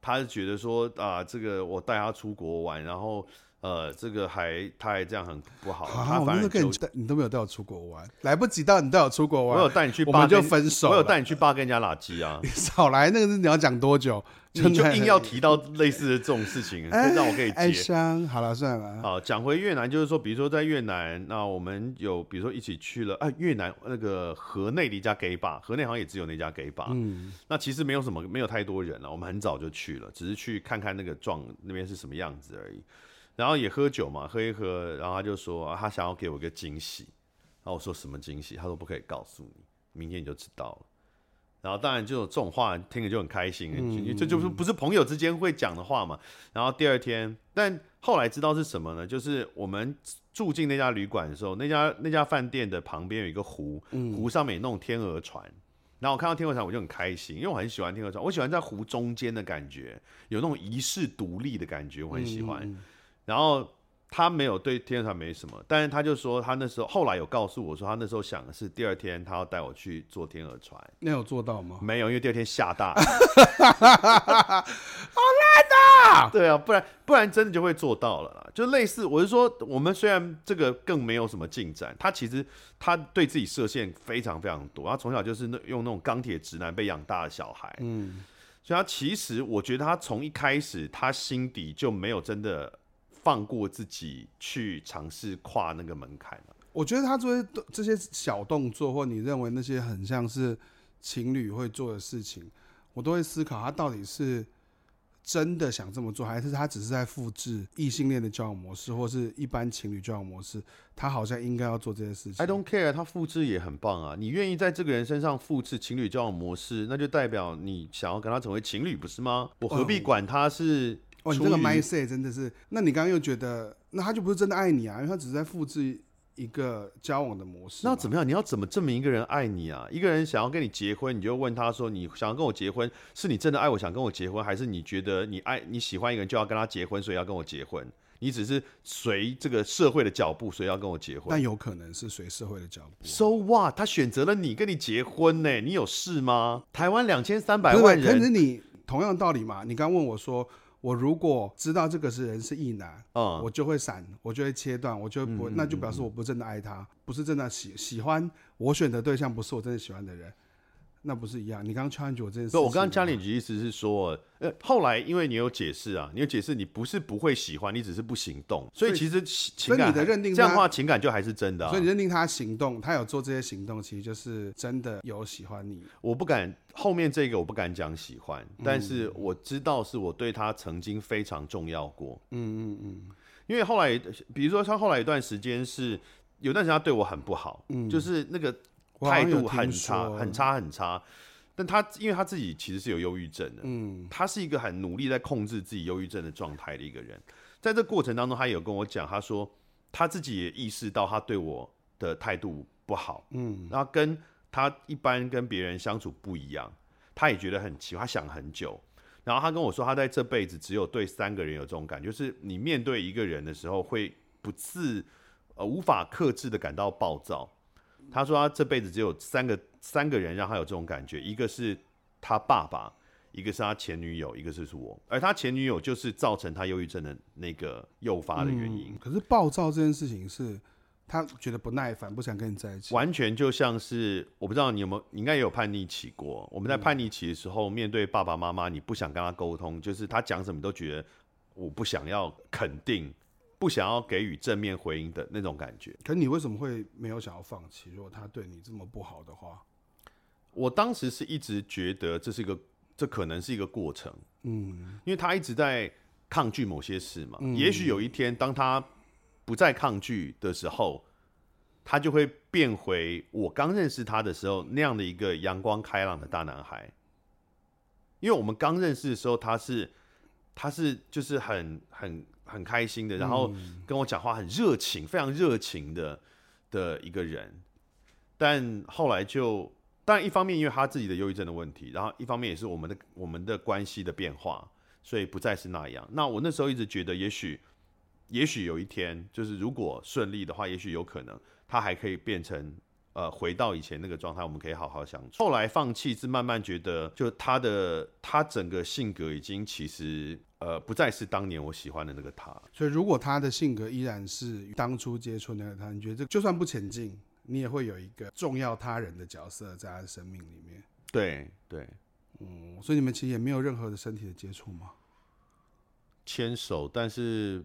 他是覺得說啊、呃，這個我帶他出國玩，然後。呃，這個還他還這樣很不好。我那個你你都沒有帶我出國玩，來不及到你帶我出國玩。我有帶你去，我們就分手。我有帶你去扒跟人家垃圾啊！你少來，那個是你要講多久？你就硬要提到類似的這種事情，讓 我可以。愛香，好了算了。好、呃，講回越南，就是說，比如說在越南，那我們有比如說一起去了啊、呃，越南那個河內的一家 gay bar，河內好像也只有那家 gay bar。嗯，那其實沒有什麼，沒有太多人了。我們很早就去了，只是去看看那個狀那邊是什麼樣子而已。然後也喝酒嘛，喝一喝，然後他就說他想要給我一個驚喜，然後我說什麼驚喜？他說不可以告訴你，明天你就知道了。然後當然就有這種話聽着就很開心，這、嗯、就是不是朋友之間會講的話嘛。然後第二天，但後來知道是什麼呢？就是我們住進那家旅館的時候，那家那家飯店的旁邊有一個湖，湖上面有那種天鵝船。然後我看到天鵝船，我就很開心，因為我很喜歡天鵝船，我喜歡在湖中間的感覺，有那種遺世獨立的感覺，我很喜歡。嗯然後他沒有對天鵝船沒什麼，但是他就說他那時候後來有告訴我說他那時候想的是第二天他要帶我去坐天鵝船。沒有做到嗎？沒有，因為第二天下大了， 好爛啊！對啊，不然不然真的就會做到了啦。就類似我是說，我們雖然這個更沒有什麼進展，他其實他對自己設限非常非常多。他從小就是用那種鋼鐵直男被養大的小孩，嗯，所以他其實我覺得他從一開始他心底就沒有真的。放過自己去嘗試跨那個門檻。我覺得他做這些小動作，或你認為那些很像是情侶會做的事情，我都會思考他到底是真的想這麼做，還是他只是在複製異性戀的交往模式，或是一般情侶交往模式。他好像應該要做這些事情。I don't care，他複製也很棒啊。你願意在這個人身上複製情侶交往模式，那就代表你想要跟他成為情侶，不是嗎？我何必管他是？嗯你這個麥 y 真的是。那你剛剛又覺得，那他就不是真的愛你啊，因為他只是在複製一個交往的模式。那怎麼樣？你要怎麼證明一個人愛你啊？一個人想要跟你結婚，你就問他說：“你想要跟我結婚，是你真的愛我，想跟我結婚，還是你覺得你愛你喜歡一個人就要跟他結婚，所以要跟我結婚？你只是隨這個社會的腳步，所以要跟我結婚？但有可能是隨社會的腳步。So what？他選擇了你，跟你結婚呢。欸？你有事嗎？台灣兩千三百萬人，可是你同樣道理嘛？你剛問我說。我如果知道這個是人是異男，uh. 我就會閃，我就會切斷，我就不，那就表示我不真的愛他，嗯嗯嗯嗯，不是真的喜喜歡，我選的對象不是我真的喜歡的人。那不是一樣。你剛剛穿了一句，我真是。我剛剛加你一句，意思是說，呃，後來因為你有解釋啊，你有解釋，你不是不會喜歡，你只是不行動。所以，所以其實情感，跟你的認定，這樣的話，情感就還是真的啊。所以你認定他行動，他有做這些行動，其實就是真的有喜歡你。我不敢後面這個，我不敢講喜歡，嗯，但是我知道是我對他曾經非常重要過。嗯嗯嗯，因為後來，比如說他後來一段時間是，有段時間他對我很不好，嗯，就是那個。態度很差，很差，很差。但他因為他自己其實是有憂鬱症的，嗯，他是一個很努力在控制自己憂鬱症的狀態的一個人。在這過程當中，他有跟我講，他說他自己也意識到他對我的態度不好，嗯，然後跟他一般跟別人相處不一樣，他也覺得很奇怪，他想很久，然後他跟我說，他在這輩子只有對三個人有這種感覺，就是你面對一個人的時候會不自呃無法克制的感到暴躁。他說他這輩子只有三個三個人讓他有這種感覺，一個是他爸爸，一個是他前女友，一個就是我。而他前女友就是造成他憂鬱症的那個誘發的原因。嗯。可是暴躁這件事情是他覺得不耐煩，不想跟你在一起，完全就像是我不知道你有沒有，應該也有叛逆期過。我們在叛逆期的時候，嗯，面對爸爸媽媽，你不想跟他溝通，就是他講什麼都覺得我不想要肯定。不想要給予正面回應的那種感覺。可你為什麼會沒有想要放棄？如果他對你這麼不好的話，我當時是一直覺得這是一個，這可能是一個過程。嗯，因為他一直在抗拒某些事嘛。也許有一天，當他不再抗拒的時候，他就會變回我剛認識他的時候那樣的一個陽光開朗的大男孩。因為我們剛認識的時候，他是，他是，就是很很。很開心的，然後跟我講話很熱情，嗯、非常熱情的的一個人。但後來就，但一方面因為他自己的憂鬱症的問題，然後一方面也是我們的我們的關係的變化，所以不再是那樣。那我那時候一直覺得，也許也許有一天，就是如果順利的話，也許有可能他還可以變成呃回到以前那個狀態，我們可以好好相處。後來放棄是慢慢覺得，就他的他整個性格已經其實。呃，不再是當年我喜歡的那個他。所以，如果他的性格依然是當初接觸那個他，你覺得這就算不前進，你也會有一個重要他人的角色在他的生命裡面。對對，嗯，所以你們其實也沒有任何的身體的接觸嗎？牽手，但是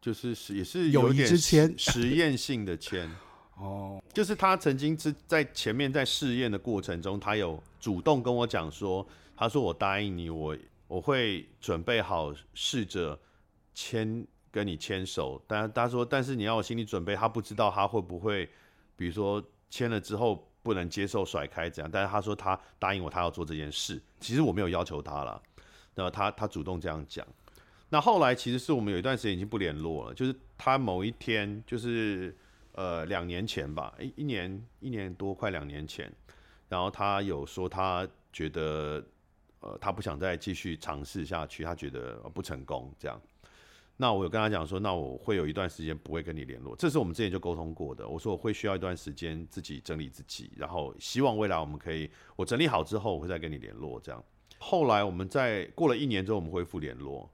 就是也是有一之牽，實驗性的牽。 哦，就是他曾經在前面在試驗的過程中，他有主動跟我講說，他說我答應你，我。我會準備好試着牽跟你牽手，但他說，但是你要有心理準備，他不知道他會不會，比如說牽了之後不能接受甩開怎樣？但是他說他答應我，他要做這件事。其實我沒有要求他了，那他他主動這樣講。那後來其實是我們有一段時間已經不聯絡了，就是他某一天，就是呃兩年前吧，一一年一年多快兩年前，然後他有說他覺得。呃，他不想再繼續嘗試下去，他覺得不成功這樣。那我有跟他講說，那我會有一段時間不會跟你聯絡，這是我們之前就溝通過的。我說我會需要一段時間自己整理自己，然後希望未來我們可以，我整理好之後我會再跟你聯絡這樣。後來我們再過了一年之後，我們恢復聯絡，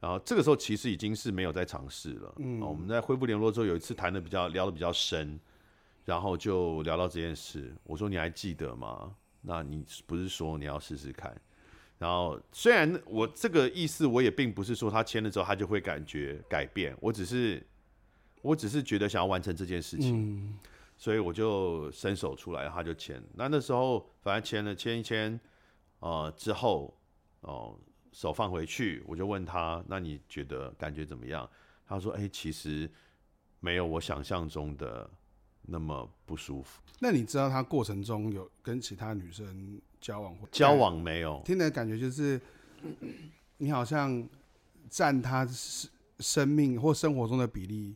然後這個時候其實已經是沒有再嘗試了。嗯，我們在恢復聯絡之後，有一次談得比較聊得比較深，然後就聊到這件事，我說你還記得嗎？那你不是說你要試試看？然後，雖然我這個意思，我也並不是說他簽了之後他就會感覺改變，我只是，我只是覺得想要完成這件事情，嗯、所以我就伸手出來，他就簽。那那時候，反正簽了簽一簽，呃、之後，哦、呃，手放回去，我就問他，那你覺得感覺怎麼樣？他說，哎、欸，其實沒有我想象中的。那麼不舒服。那你知道他過程中有跟其他女生交往？交往沒有？聽的感覺就是，你好像占他生生命或生活中的比例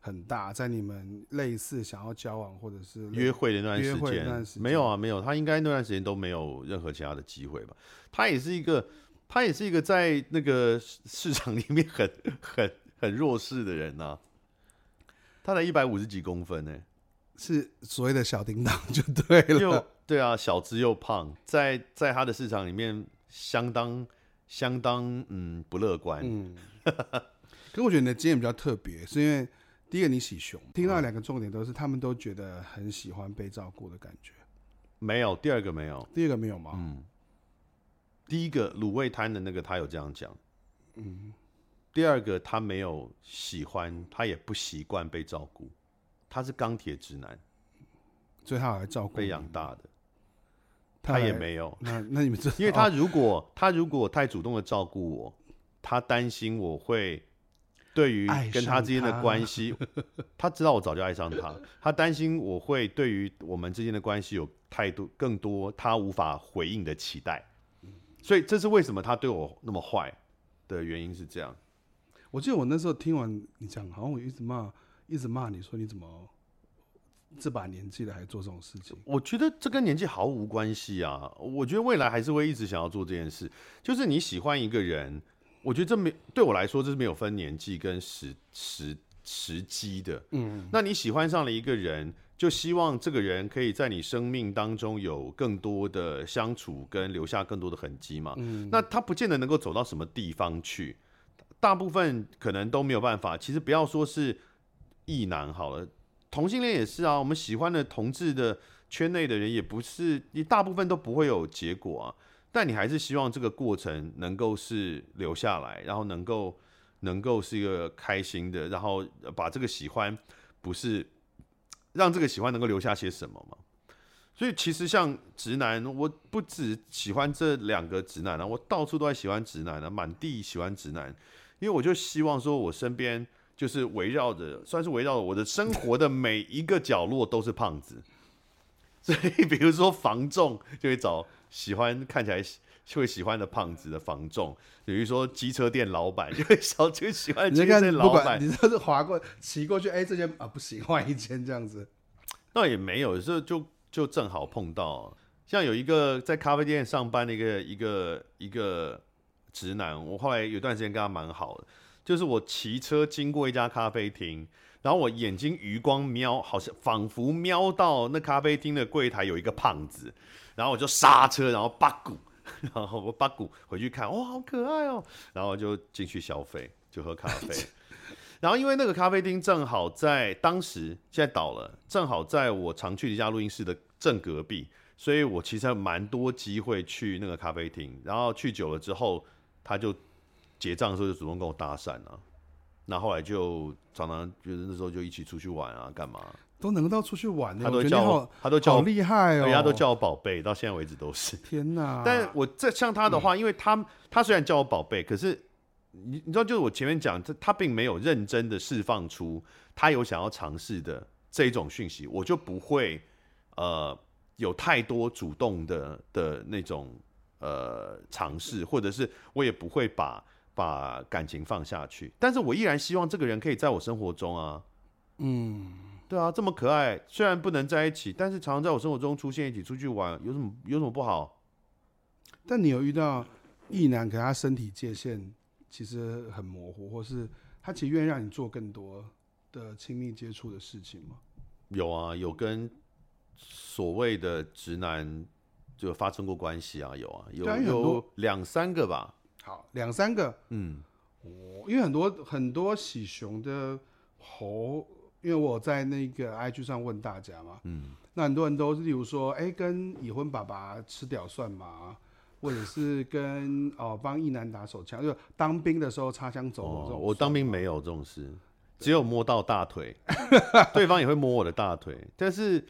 很大。在你們類似想要交往或者是約會的那段時間，沒有啊，沒有。他應該那段時間都沒有任何其他的機會吧？他也是一個，他也是一個在那個市場裡面很很很弱勢的人呐、啊。他才一百五十幾公分呢、欸。是所謂的小叮噹就對了。對啊，小隻又胖，在在他的市場裡面相當相當嗯不樂觀。嗯， 可我覺得你的經驗比較特別，是因為第一個你喜熊，聽到兩個重點都是他們都覺得很喜歡被照顧的感覺。沒有，嗯，第二個沒有，第二個沒有嗎？嗯，第一個滷味攤的那個他有這樣講，嗯，第二個他沒有喜歡，他也不習慣被照顧。他是鋼鐵直男，所以他還照顧被養大的，他也沒有。那那你們知道，因為他如果他如果太主動的照顧我，他擔心我會對於跟他之間的關係，他知道我早就愛上他，他擔心我會對於我們之間的關係有太多更多他無法回應的期待，所以這是為什麼他對我那麼壞的原因是這樣。我記得我那時候聽完你講，好像我一直罵。一直罵你說，你怎麼這把年紀了還做這種事情？我覺得這跟年紀毫無關係啊！我覺得未來還是會一直想要做這件事。就是你喜歡一個人，我覺得這沒對我來說，這是沒有分年紀跟時時時機的。嗯，那你喜歡上了一個人，就希望這個人可以在你生命當中有更多的相處跟留下更多的痕跡嘛？嗯，那他不見得能夠走到什麼地方去，大部分可能都沒有辦法。其實不要說是。異男好了，同性戀也是啊。我們喜歡的同志的圈內的人，也不是你大部分都不會有結果啊。但你還是希望這個過程能夠是留下來，然後能夠能夠是一個開心的，然後把這個喜歡不是讓這個喜歡能夠留下些什麼嘛？所以其實像直男，我不只喜歡這兩個直男啊，我到處都在喜歡直男了，滿地喜歡直男，因為我就希望說我身邊。就是圍繞着，算是圍繞着我的生活的每一個角落都是胖子， 所以比如說房仲就會找喜歡看起來就會喜歡的胖子的房仲，比如說機車店老板就會找這喜歡機車店老板，你說是劃過騎過去，哎、欸，這件啊不喜歡，一件這樣子，那也沒有，有時候就就正好碰到，像有一個在咖啡店上班的一個一個一個直男，我後來有段時間跟他蠻好的。就是我騎車經過一家咖啡廳，然後我眼睛餘光瞄，好像仿佛瞄到那咖啡廳的櫃台有一個胖子，然後我就剎車，然後八股，然後我八股回去看，哦，好可愛哦，然後我就進去消費，就喝咖啡。然後因為那個咖啡廳正好在當時現在倒了，正好在我常去的一家錄音室的正隔壁，所以我其實還蠻多機會去那個咖啡廳。然後去久了之後，他就。結賬的時候就主動跟我搭訕了、啊，那後，後來就常常就是那時候就一起出去玩啊，幹嘛、啊、都能到出去玩、欸、他都叫我，我好他都叫我厲害、哦，人家都叫我寶貝，到現在為止都是。天哪、啊！但是我這像他的話，因為他他雖然叫我寶貝，可是你你知道，就是我前面講，他他並沒有認真的釋放出他有想要嘗試的這一種訊息，我就不會呃有太多主動的的那種呃嘗試，或者是我也不會把。把感情放下去，但是我依然希望這個人可以在我生活中啊，嗯，對啊，這麼可愛，雖然不能在一起，但是常常在我生活中出現，一起出去玩，有什麼有什麼不好？但你有遇到異男，可他身體界限其實很模糊，或是他其實願意讓你做更多的親密接觸的事情嗎？有啊，有跟所謂的直男就發生過關係啊，有啊，有有兩三個吧。好，兩三個，嗯，我因為很多很多喜熊的猴，因為我在那個 IG 上問大家嘛，嗯，那很多人都是例如說，哎、欸，跟已婚爸爸吃屌算嗎？或者是跟 哦幫異男打手槍，就是、當兵的時候擦槍走火、哦、我當兵沒有這種事，只有摸到大腿對，對方也會摸我的大腿， 但是。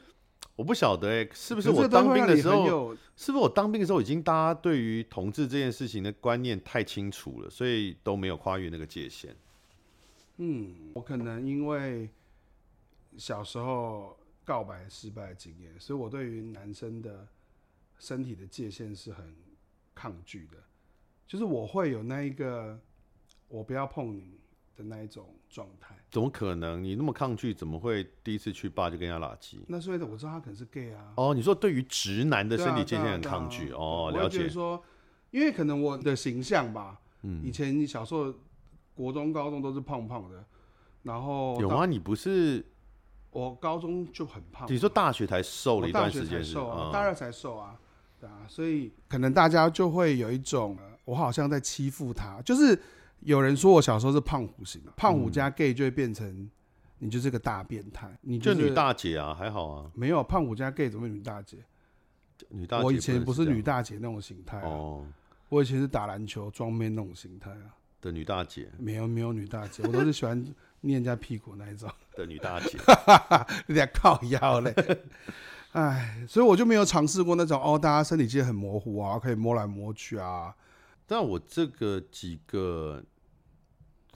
我不曉得哎、欸，是不是我當兵的時候，是不是我當兵的時候已經大家對於同志這件事情的觀念太清楚了，所以都沒有跨越那個界限。嗯，我可能因為小時候告白失敗的經驗，所以我對於男生的身體的界限是很抗拒的，就是我會有那一個，我不要碰你、的那一種狀態，怎麼可能？你那麼抗拒，怎麼會第一次去爸就跟人家垃圾？那所以我知道他可能是 gay 啊。哦，你說對於直男的身體，健身很抗拒，啊啊啊，哦。了解。說，因為可能我的形象吧，嗯，以前你小時候、國中、高中都是胖胖的，然後有啊。你不是我高中就很胖，啊，你說大學才瘦了一段時間，是大二才瘦，啊嗯，才瘦啊，對啊，所以可能大家就會有一種我好像在欺負他，就是。有人說我小時候是胖虎型，胖虎加 gay 就會變成，你就是個大變態、嗯。你這、就是、女大姐啊，還好啊，沒有胖虎加 gay 怎麼女大姐？女大姐我以前不是女大姐那種形態、啊、哦，我以前是打籃球裝 man 那種形態啊。的女大姐沒有沒有女大姐，我都是喜歡捏人家屁股那一種。 的女大姐你在 靠腰嘞，哎， 所以我就沒有嘗試過那種哦，大家身體界很模糊啊，可以摸來摸去啊。但我這個幾個。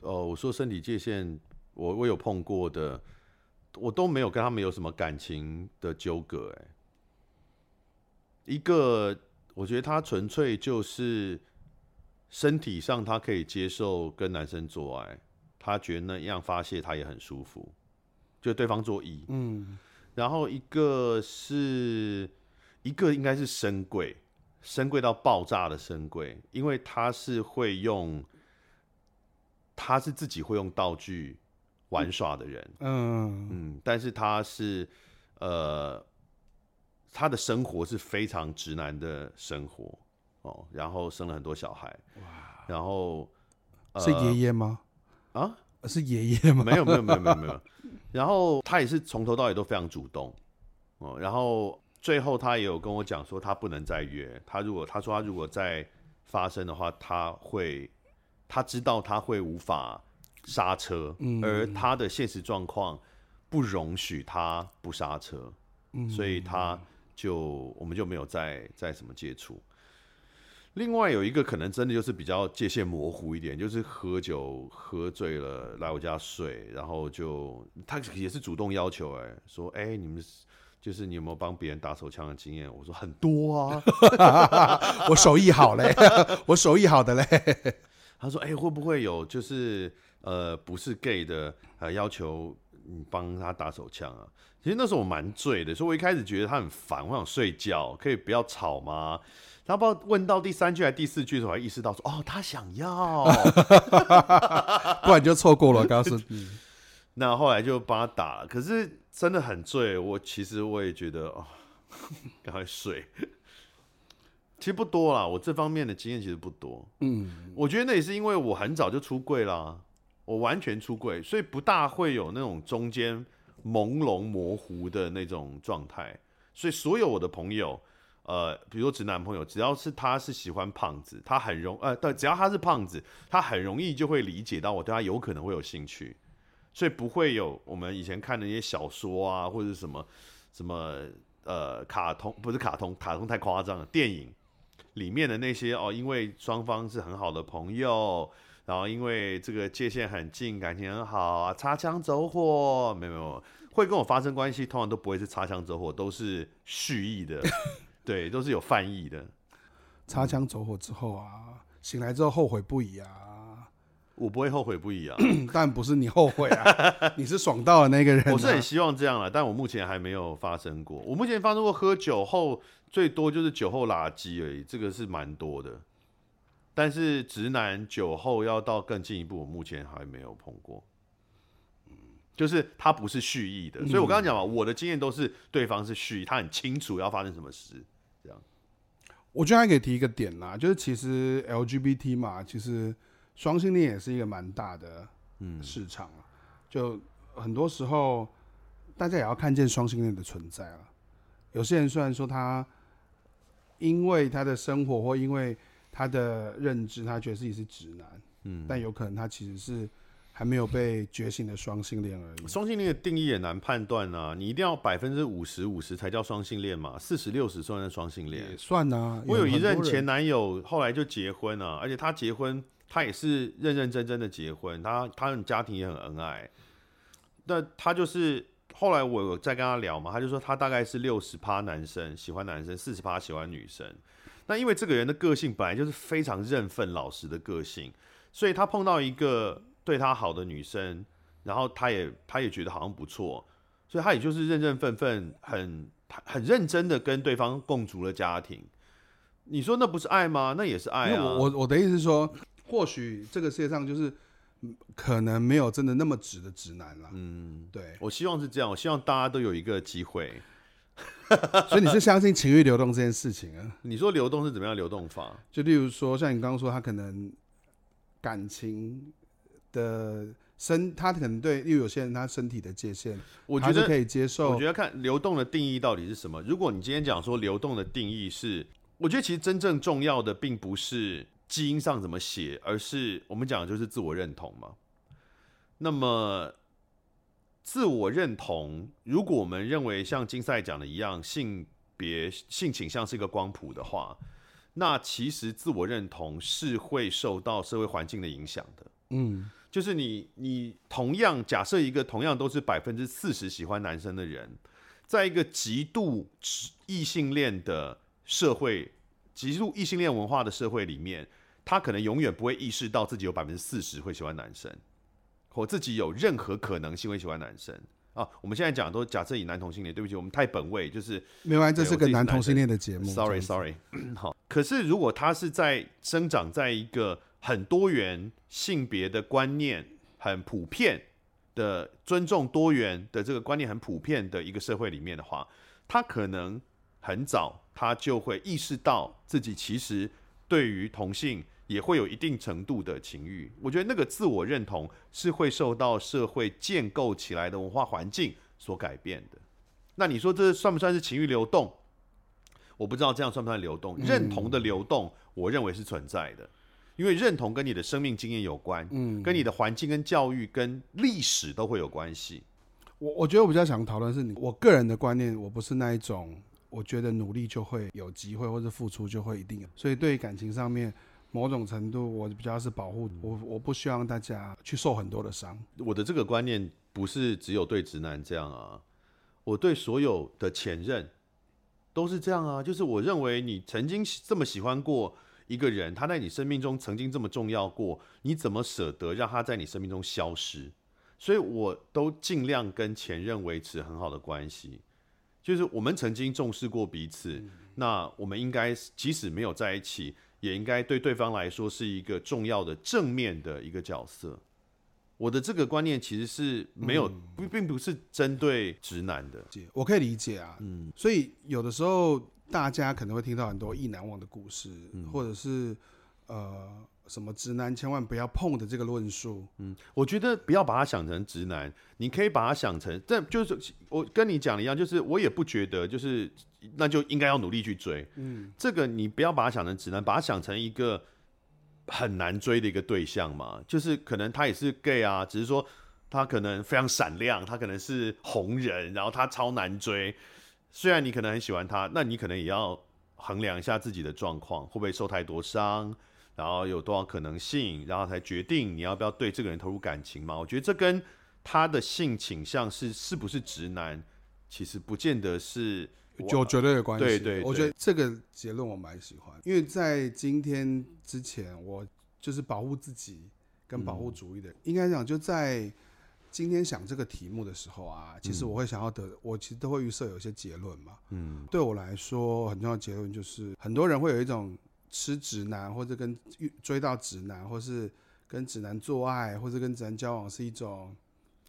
哦，我說身體界限，我我有碰過的，我都沒有跟他們有什麼感情的糾葛哎、欸。一個我覺得他純粹就是身體上他可以接受跟男生做愛，他覺得那樣發洩他也很舒服，就對方做一嗯。然後一個是一個應該是深櫃，深櫃到爆炸的深櫃，因為他是會用。他是自己會用道具玩耍的人，嗯嗯，但是他是呃，他的生活是非常直男的生活哦，然後生了很多小孩，哇，然後、呃、是爺爺嗎？啊，是爺爺嗎？沒有沒有沒有沒有沒有，沒有沒有 然後他也是從頭到尾都非常主動，哦，然後最後他也有跟我講說他不能再約，他如果他說他如果再發生的話，他會。他知道他會無法剎車，嗯，而他的現實狀況不容許他不剎車，嗯，所以他就我們就沒有再再什麼接觸。另外有一個可能真的就是比較界限模糊一點，就是喝酒喝醉了來我家睡，然後就他也是主動要求哎、欸、說哎、欸、你們就是你有沒有幫別人打手槍的經驗？我說很多啊， 我手藝好嘞，我手藝好的嘞。他說：“哎、欸，會不會有就是呃，不是 gay 的，呃，要求你幫他打手槍啊？”其實那時候我蠻醉的，所以我一開始覺得他很煩，我想睡覺，可以不要吵嗎？他不知道問到第三句還是第四句的時候，還意識到說：“哦，他想要， 不然就錯過了。剛剛說”告 訴 那後來就幫他打，可是真的很醉。我其實我也覺得哦，趕 快睡。其實不多啦，我這方面的經驗其實不多。嗯，我覺得那也是因為我很早就出櫃啦，我完全出櫃，所以不大會有那種中間朦朧模糊的那種狀態。所以所有我的朋友，呃，比如說直男朋友，只要是他是喜歡胖子，他很容呃，對，只要他是胖子，他很容易就會理解到我對他有可能會有興趣，所以不會有我們以前看的那些小說啊，或者什麼什麼呃，卡通，不是卡通，卡通太誇張了，電影。裡面的那些哦，因為雙方是很好的朋友，然後因為這個界限很近，感情很好啊，擦槍走火，沒有，沒有，會跟我發生關係，通常都不會是擦槍走火，都是蓄意的， 對，都是有犯意的。擦槍走火之後啊，醒來之後後悔不已啊。我不會後悔不已啊， 但不是你後悔啊， 你是爽到的那個人、啊。我是很希望這樣了、啊，但我目前還沒有發生過。我目前發生過喝酒後最多就是酒後垃圾而已，這個是蠻多的。但是直男酒後要到更進一步、嗯，我目前還沒有碰過。嗯，就是他不是蓄意的，所以我剛剛講嘛、嗯，我的經驗都是對方是蓄意，他很清楚要發生什麼事這樣。我覺得還可以提一個點啦，就是其實 LGBT 嘛，其實。雙性戀也是一個蠻大的市場、啊嗯、就很多時候大家也要看見雙性戀的存在、啊、有些人雖然說他因為他的生活或因為他的認知，他覺得自己是直男，嗯，但有可能他其實是還沒有被覺醒的雙性戀而已。雙性戀的定義也難判斷啊，你一定要百分之五十五十才叫雙性戀嘛，四十六十算是雙性戀？算啊。我有一任前男友，後來就結婚了、啊，而且他結婚。他也是認認真真的結婚，他他的家庭也很恩愛，那他就是後來我有再跟他聊嘛，他就說他大概是六十趴男生喜歡男生，四十趴喜歡女生。那因為這個人的個性本來就是非常認份老實的個性，所以他碰到一個對他好的女生，然後他也他也覺得好像不錯，所以他也就是認認份份很很認真的跟對方共組了家庭。你說那不是愛嗎？那也是愛啊！我我的意思是說。或許這個世界上就是可能沒有真的那麼直的直男了。嗯，對，我希望是這樣。我希望大家都有一個機會。 所以你是相信情欲流動這件事情啊？你說流動是怎麼樣流動法？就例如說，像你剛剛說，他可能感情的身，他可能對，又有些人他身體的界限，我覺得可以接受。我覺得看流動的定義到底是什麼？如果你今天講說流動的定義是，我覺得其實真正重要的並不是。基因上怎麼寫？而是我們講的就是自我認同嘛。那麼，自我認同，如果我們認為像金賽講的一樣，性別性傾向是一個光譜的話，那其實自我認同是會受到社會環境的影響的。嗯，就是你你同樣假設一個同樣都是百分之四十喜歡男生的人，在一個極度異性戀的社會。進入異性戀文化的社會裡面，他可能永遠不會意識到自己有百分之四十會喜歡男生，或自己有任何可能性會喜歡男生啊。我們現在講都假設以男同性戀，對不起，我們太本位，就是。沒關係、哎、這是個男同性戀的節目。Sorry，Sorry。好，可是如果他是在生長在一個很多元性別的觀念很普遍的尊重多元的這個觀念很普遍的一個社會裡面的話，他可能很早。他就會意識到自己其實對於同性也會有一定程度的情欲。我覺得那個自我認同是會受到社會建構起來的文化環境所改變的。那你說這算不算是情欲流動？我不知道這樣算不算流動，認同的流動，我認為是存在的，因為認同跟你的生命經驗有關，嗯，跟你的環境、跟教育、跟歷史都會有關係、嗯。我我覺得我比較想討論的是你，我個人的觀念，我不是那一種。我覺得努力就會有機會，或者付出就會一定有。所以對於感情上面，某種程度我比較是保護我，我不希望大家去受很多的傷。我的這個觀念不是只有對直男這樣啊，我對所有的前任都是這樣啊。就是我認為你曾經這麼喜歡過一個人，他在你生命中曾經這麼重要過，你怎麼捨得讓他在你生命中消失？所以我都盡量跟前任維持很好的關係。就是我們曾經重視過彼此，嗯，那我們應該即使沒有在一起，也應該對對方來說是一個重要的正面的一個角色。我的這個觀念其實是沒有，嗯、並不是針對直男的，我可以理解啊。嗯，所以有的時候大家可能會聽到很多意難忘的故事，嗯、或者是呃。什麼直男千萬不要碰的這個論述，嗯，我覺得不要把它想成直男，你可以把它想成，這就是我跟你講的一樣，就是我也不覺得，就是那就應該要努力去追，嗯，這個你不要把它想成直男，把它想成一個很難追的一個對象嘛，就是可能他也是 gay 啊，只是說他可能非常閃亮，他可能是紅人，然後他超難追，雖然你可能很喜歡他，那你可能也要衡量一下自己的狀況，會不會受太多傷。然後有多少可能性，然後才決定你要不要對這個人投入感情嘛？我覺得這跟他的性傾向是，是不是直男，其實不見得是有絕對的關係。對對對，我覺得這個結論我蠻喜歡，因為在今天之前，我就是保護自己跟保護主義的。嗯，應該講就在今天想這個題目的時候啊，其實我會想要得，我其實都會預設有一些結論嘛。嗯，對我來說很重要的結論就是，很多人會有一種。吃直男或者跟追到直男，或是跟直男做愛，或者跟直男交往，是一種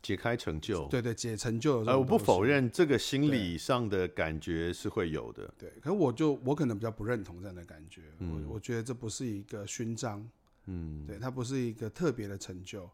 解開成就。對對，解成就的。我不否認這個心理上的感覺是會有的。對，可是我就我可能比較不認同這樣的感覺。嗯，我我覺得這不是一個勳章。嗯，對，它不是一個特別的成就。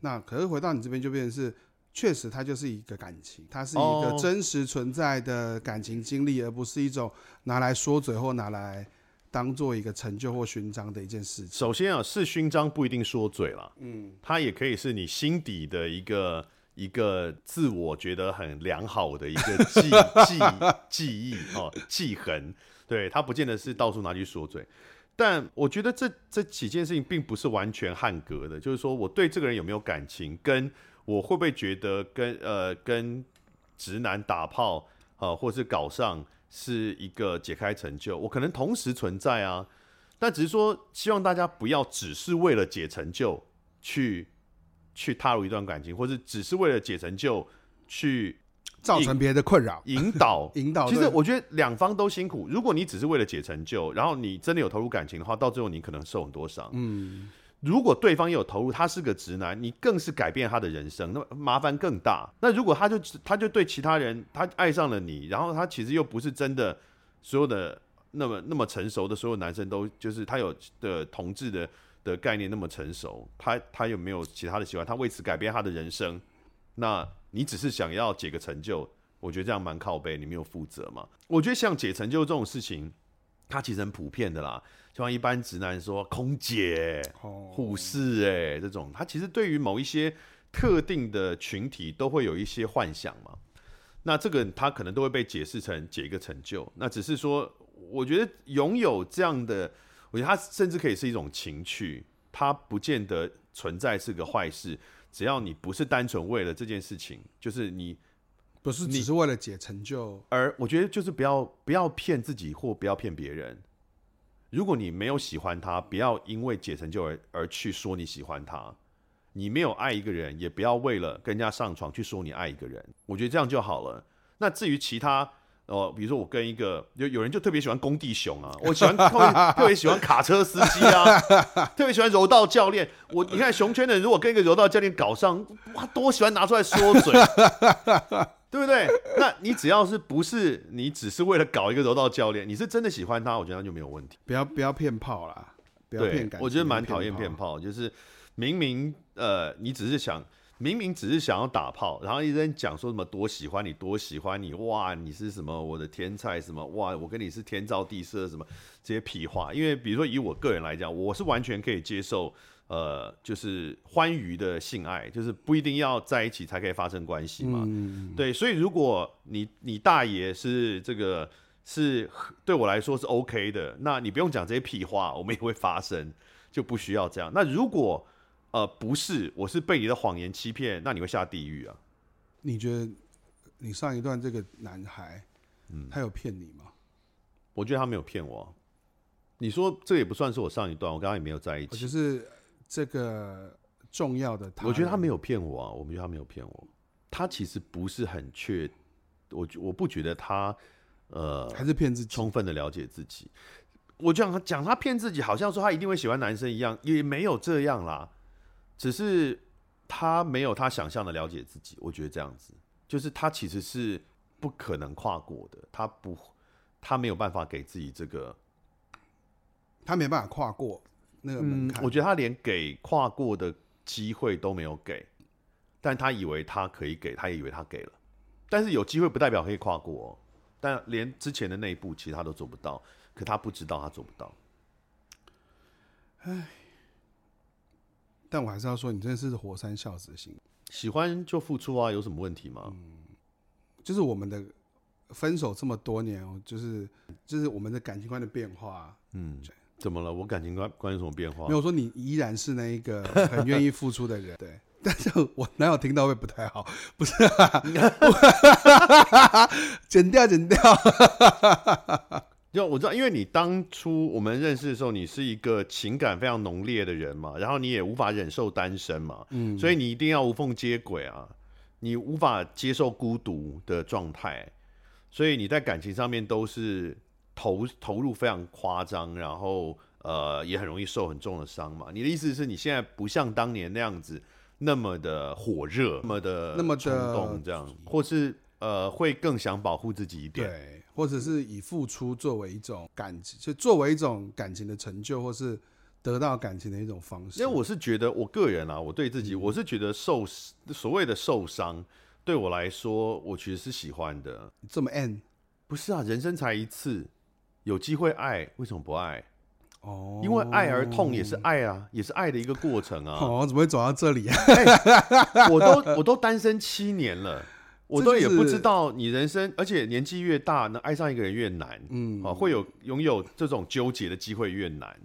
那可是回到你這邊就變成是，確實它就是一個感情，它是一個真實存在的感情經歷，而不是一種拿來說嘴或拿來。當做一個成就或勳章的一件事情。首先啊，是勳章不一定說嘴啦，嗯，它也可以是你心底的一個一個自我覺得很良好的一個記記記憶哦，記痕。對，它不見得是到處拿去說嘴。但我覺得這這幾件事情並不是完全扞格的，就是說我對這個人有沒有感情，跟我會不會覺得跟呃跟直男打炮啊，呃，或是搞上。是一個解開成就，我可能同時存在啊，但只是說希望大家不要只是為了解成就去去踏入一段感情，或是只是為了解成就去造成別人的困擾。引導 引導，其實我覺得兩方都辛苦。如果你只是為了解成就，然後你真的有投入感情的話，到最後你可能受很多傷。嗯。如果對方也有投入，他是個直男，你更是改變他的人生，那麼麻煩更大。那如果他就他就對其他人，他愛上了你，然後他其實又不是真的，所有的那麼那麼成熟的，所有男生都就是他有的同志的的概念那麼成熟，他他有沒有其他的喜歡？他為此改變他的人生，那你只是想要解個成就，我覺得這樣蠻靠背，你沒有負責嘛？我覺得像解成就這種事情，它其實很普遍的啦。像一般直男說空姐、護士哎、欸，這種他其實對於某一些特定的群體都會有一些幻想嘛。那這個他可能都會被解釋成解一個成就。那只是說，我覺得擁有這樣的，我覺得它甚至可以是一種情趣。它不見得存在是個壞事，只要你不是單純為了這件事情，就是你不是只是為了解成就。而我覺得就是不要不要騙自己或不要騙別人。如果你沒有喜歡他，不要因為解成就而而去說你喜歡他。你沒有愛一個人，也不要為了跟人家上床去說你愛一個人。我覺得這樣就好了。那至於其他，哦、呃，比如說我跟一個有有人就特別喜歡工地熊啊，我喜歡特別喜歡卡車司機啊， 特別喜歡柔道教練。我你看熊圈的人，如果跟一個柔道教練搞上，哇，多喜歡拿出來說嘴。 對不對？那你只要是不是你只是為了搞一個柔道教練，你是真的喜歡他，我覺得就沒有問題。不要不要騙炮啦！不要騙感情。我覺得蠻討厭騙炮，騙炮就是明明呃，你只是想明明只是想要打炮，然後一邊講說什麼多喜歡你，多喜歡你，哇，你是什麼我的天菜什麼哇，我跟你是天造地設什麼這些屁話。因為比如說以我個人來講，我是完全可以接受。.呃，就是歡愉的性愛，就是不一定要在一起才可以發生關係嘛。嗯，對，所以如果你你大爺是這個是對我來說是 OK 的，那你不用講這些屁話，我們也會發生，就不需要這樣。那如果呃不是，我是被你的謊言欺騙，那你會下地獄啊？你覺得你上一段這個男孩，嗯，他有騙你嗎？我覺得他沒有騙我啊。你說這也不算是我上一段，我跟他也沒有在一起，其實。這個重要的他，我覺得他沒有騙我啊，我覺得他沒有騙我，他其實不是很確，我我不覺得他呃，還是騙自己，充分的了解自己。我講講他騙自己，好像說他一定會喜歡男生一樣，也沒有這樣啦，只是他沒有他想象的了解自己。我覺得這樣子，就是他其實是不可能跨過的，他不，他沒有辦法給自己這個，他沒辦法跨過。那個門檻，嗯，我覺得他連給跨過的機會都沒有給，但他以為他可以給，他也以為他給了，但是有機會不代表可以跨過。哦，但連之前的那一步，其實他都做不到，可他不知道他做不到。哎，但我還是要說，你真的是活三孝子的心，喜歡就付出啊，有什麼問題嗎？嗯、就是我們的分手這麼多年哦，就是就是我們的感情觀的變化，嗯。怎麼了？我感情觀觀有什麼變化？沒有，說你依然是那一個很願意付出的人， 對。但是我男友聽到會不太好，不是、啊？ 剪掉，剪掉 就我知道，因為你當初我們認識的時候，你是一個情感非常濃烈的人嘛，然後你也無法忍受單身嘛，嗯，所以你一定要無縫接軌啊，你無法接受孤獨的狀態，所以你在感情上面都是。投投入非常誇張，然後呃也很容易受很重的傷嘛。你的意思是你現在不像當年那樣子那麼的火熱，那麼的那麼的衝動這樣，或是呃會更想保護自己一點，對，或者是以付出作為一種感情，就作為一種感情的成就，或是得到感情的一種方式。因為我是覺得我個人啊，我對自己、嗯、我是覺得受所謂的受傷對我來說，我其實是喜歡的。這麼 end 不是啊，人生才一次。有機會愛，為什麼不愛？哦、oh，因為愛而痛也是愛啊，也是愛的一個過程啊。Oh, 怎麼會走到這裡？ 欸、我都我都單身七年了，我都也不知道你人生，而且年紀越大，那愛上一個人越難，嗯，啊，會有擁有這種糾結的機會越難。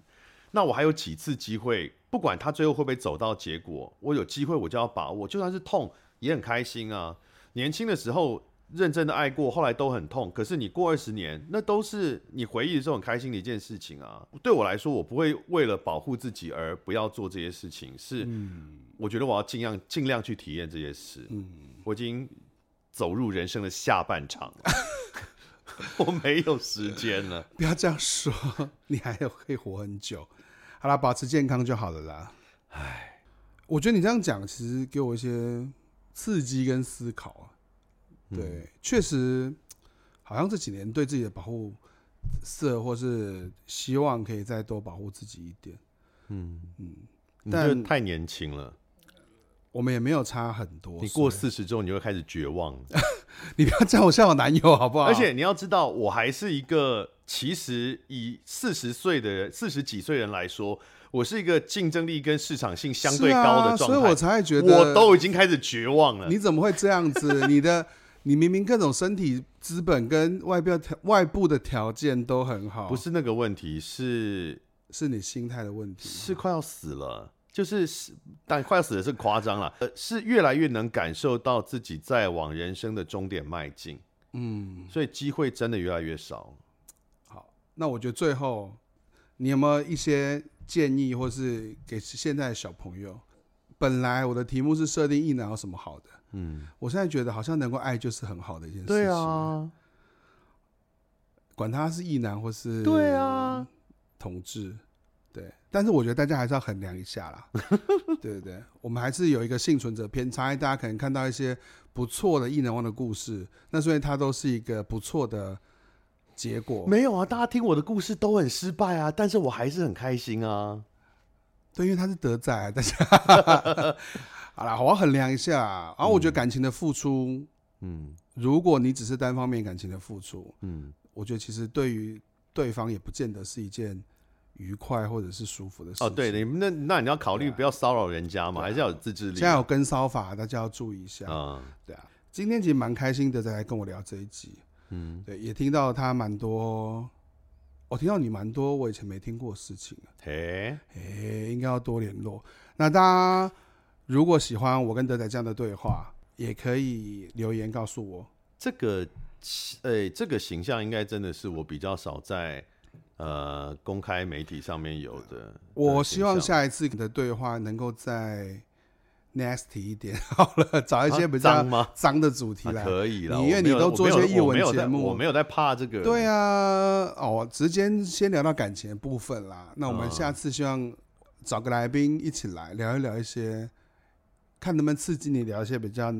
那我還有幾次機會，不管他最後會不會走到結果，我有機會我就要把握，就算是痛也很開心啊。年輕的時候。認真的愛過，後來都很痛。可是你過二十年，那都是你回憶的時候很開心的一件事情啊。對我來說，我不會為了保護自己而不要做這些事情。是，我覺得我要盡量盡量去體驗這些事。嗯，我已經走入人生的下半場了， 我沒有時間了。不要這樣說，你還有可以活很久。好啦，保持健康就好了啦。哎，我覺得你這樣講，其實給我一些刺激跟思考啊。對，確實，好像這幾年對自己的保護色，或是希望可以再多保護自己一點。嗯嗯，但是太年輕了，我們也沒有差很多。你過四十之後，你就會開始絕望。 你不要叫我像我男友好不好？而且你要知道，我還是一個，其實以四十歲的人，四十幾歲人來說，我是一個競爭力跟市場性相對高的狀態。是啊，所以我才會覺得我都已經開始絕望了。你怎麼會這樣子？ 你的。你明明各種身體資本跟外表、外部的條件都很好，不是那個問題，是是你心態的問題。是快要死了，就是，但快要死的是誇張了，呃，是越來越能感受到自己在往人生的終點邁進。嗯，所以機會真的越來越少。好，那我覺得最後你有沒有一些建議，或是給現在的小朋友？本來我的題目是設定異男有什麼好的。嗯，我現在覺得好像能夠愛就是很好的一件事情。對啊，管他是異男或是對啊同志、嗯，對，但是我覺得大家還是要衡量一下啦。 對對對，我們還是有一個幸存者偏差，大家可能看到一些不錯的異男王的故事，那所以他都是一個不錯的結果。沒有啊，大家聽我的故事都很失敗啊，但是我還是很開心啊。對，因為他是德仔、啊，大家。好了，我要衡量一下。然、嗯、後、啊、我覺得感情的付出，嗯，如果你只是單方面感情的付出，嗯，我覺得其實對於對方也不見得是一件愉快或者是舒服的事情。哦，對，那那你要考慮不要騷擾人家嘛、啊，還是要有自制力。現在有跟騷法，大家要注意一下啊、嗯。對啊，今天其實蠻開心的，在跟我聊這一集。嗯，對，也聽到他蠻多，我、哦、聽到你蠻多我以前沒聽過的事情。嘿嘿，應該要多聯絡。那大家。如果喜歡我跟德仔這樣的對話，也可以留言告訴我。這個，呃、欸，這個形象應該真的是我比較少在呃公開媒體上面有的。我希望下一次的對話能夠再 nasty 一點好了，找一些比較髒的、主題來、啊啊、可以了。你因為你都做些藝文節目我、我、我，我沒有在怕這個。對啊，哦，直接先聊到感情的部分啦。那我們下次希望找個來賓一起來聊一聊一些，看能不能刺激你聊一些比較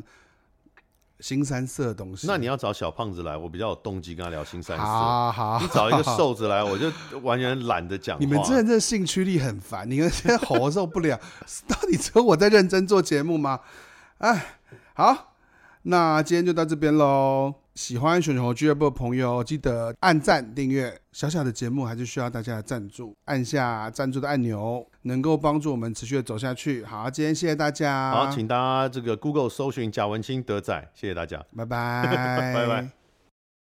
腥羶色的東西。那你要找小胖子來，我比較有動機跟他聊腥羶色。好，好，好。你找一個瘦子來， 我就完全懶得講。你們真的真的興趣力很煩，你們現在好受不了。 到底只有我在認真做節目嗎？哎，好，那今天就到這邊嘍。喜歡熊熊和 g 部 b 的朋友，記得按贊訂閱。小小的節目還是需要大家的贊助，按下贊助的按鈕，能夠幫助我們持續的走下去。好，今天謝謝大家。好，請大家這個 Google 搜尋賈文清德仔，謝謝大家，拜拜， 拜拜。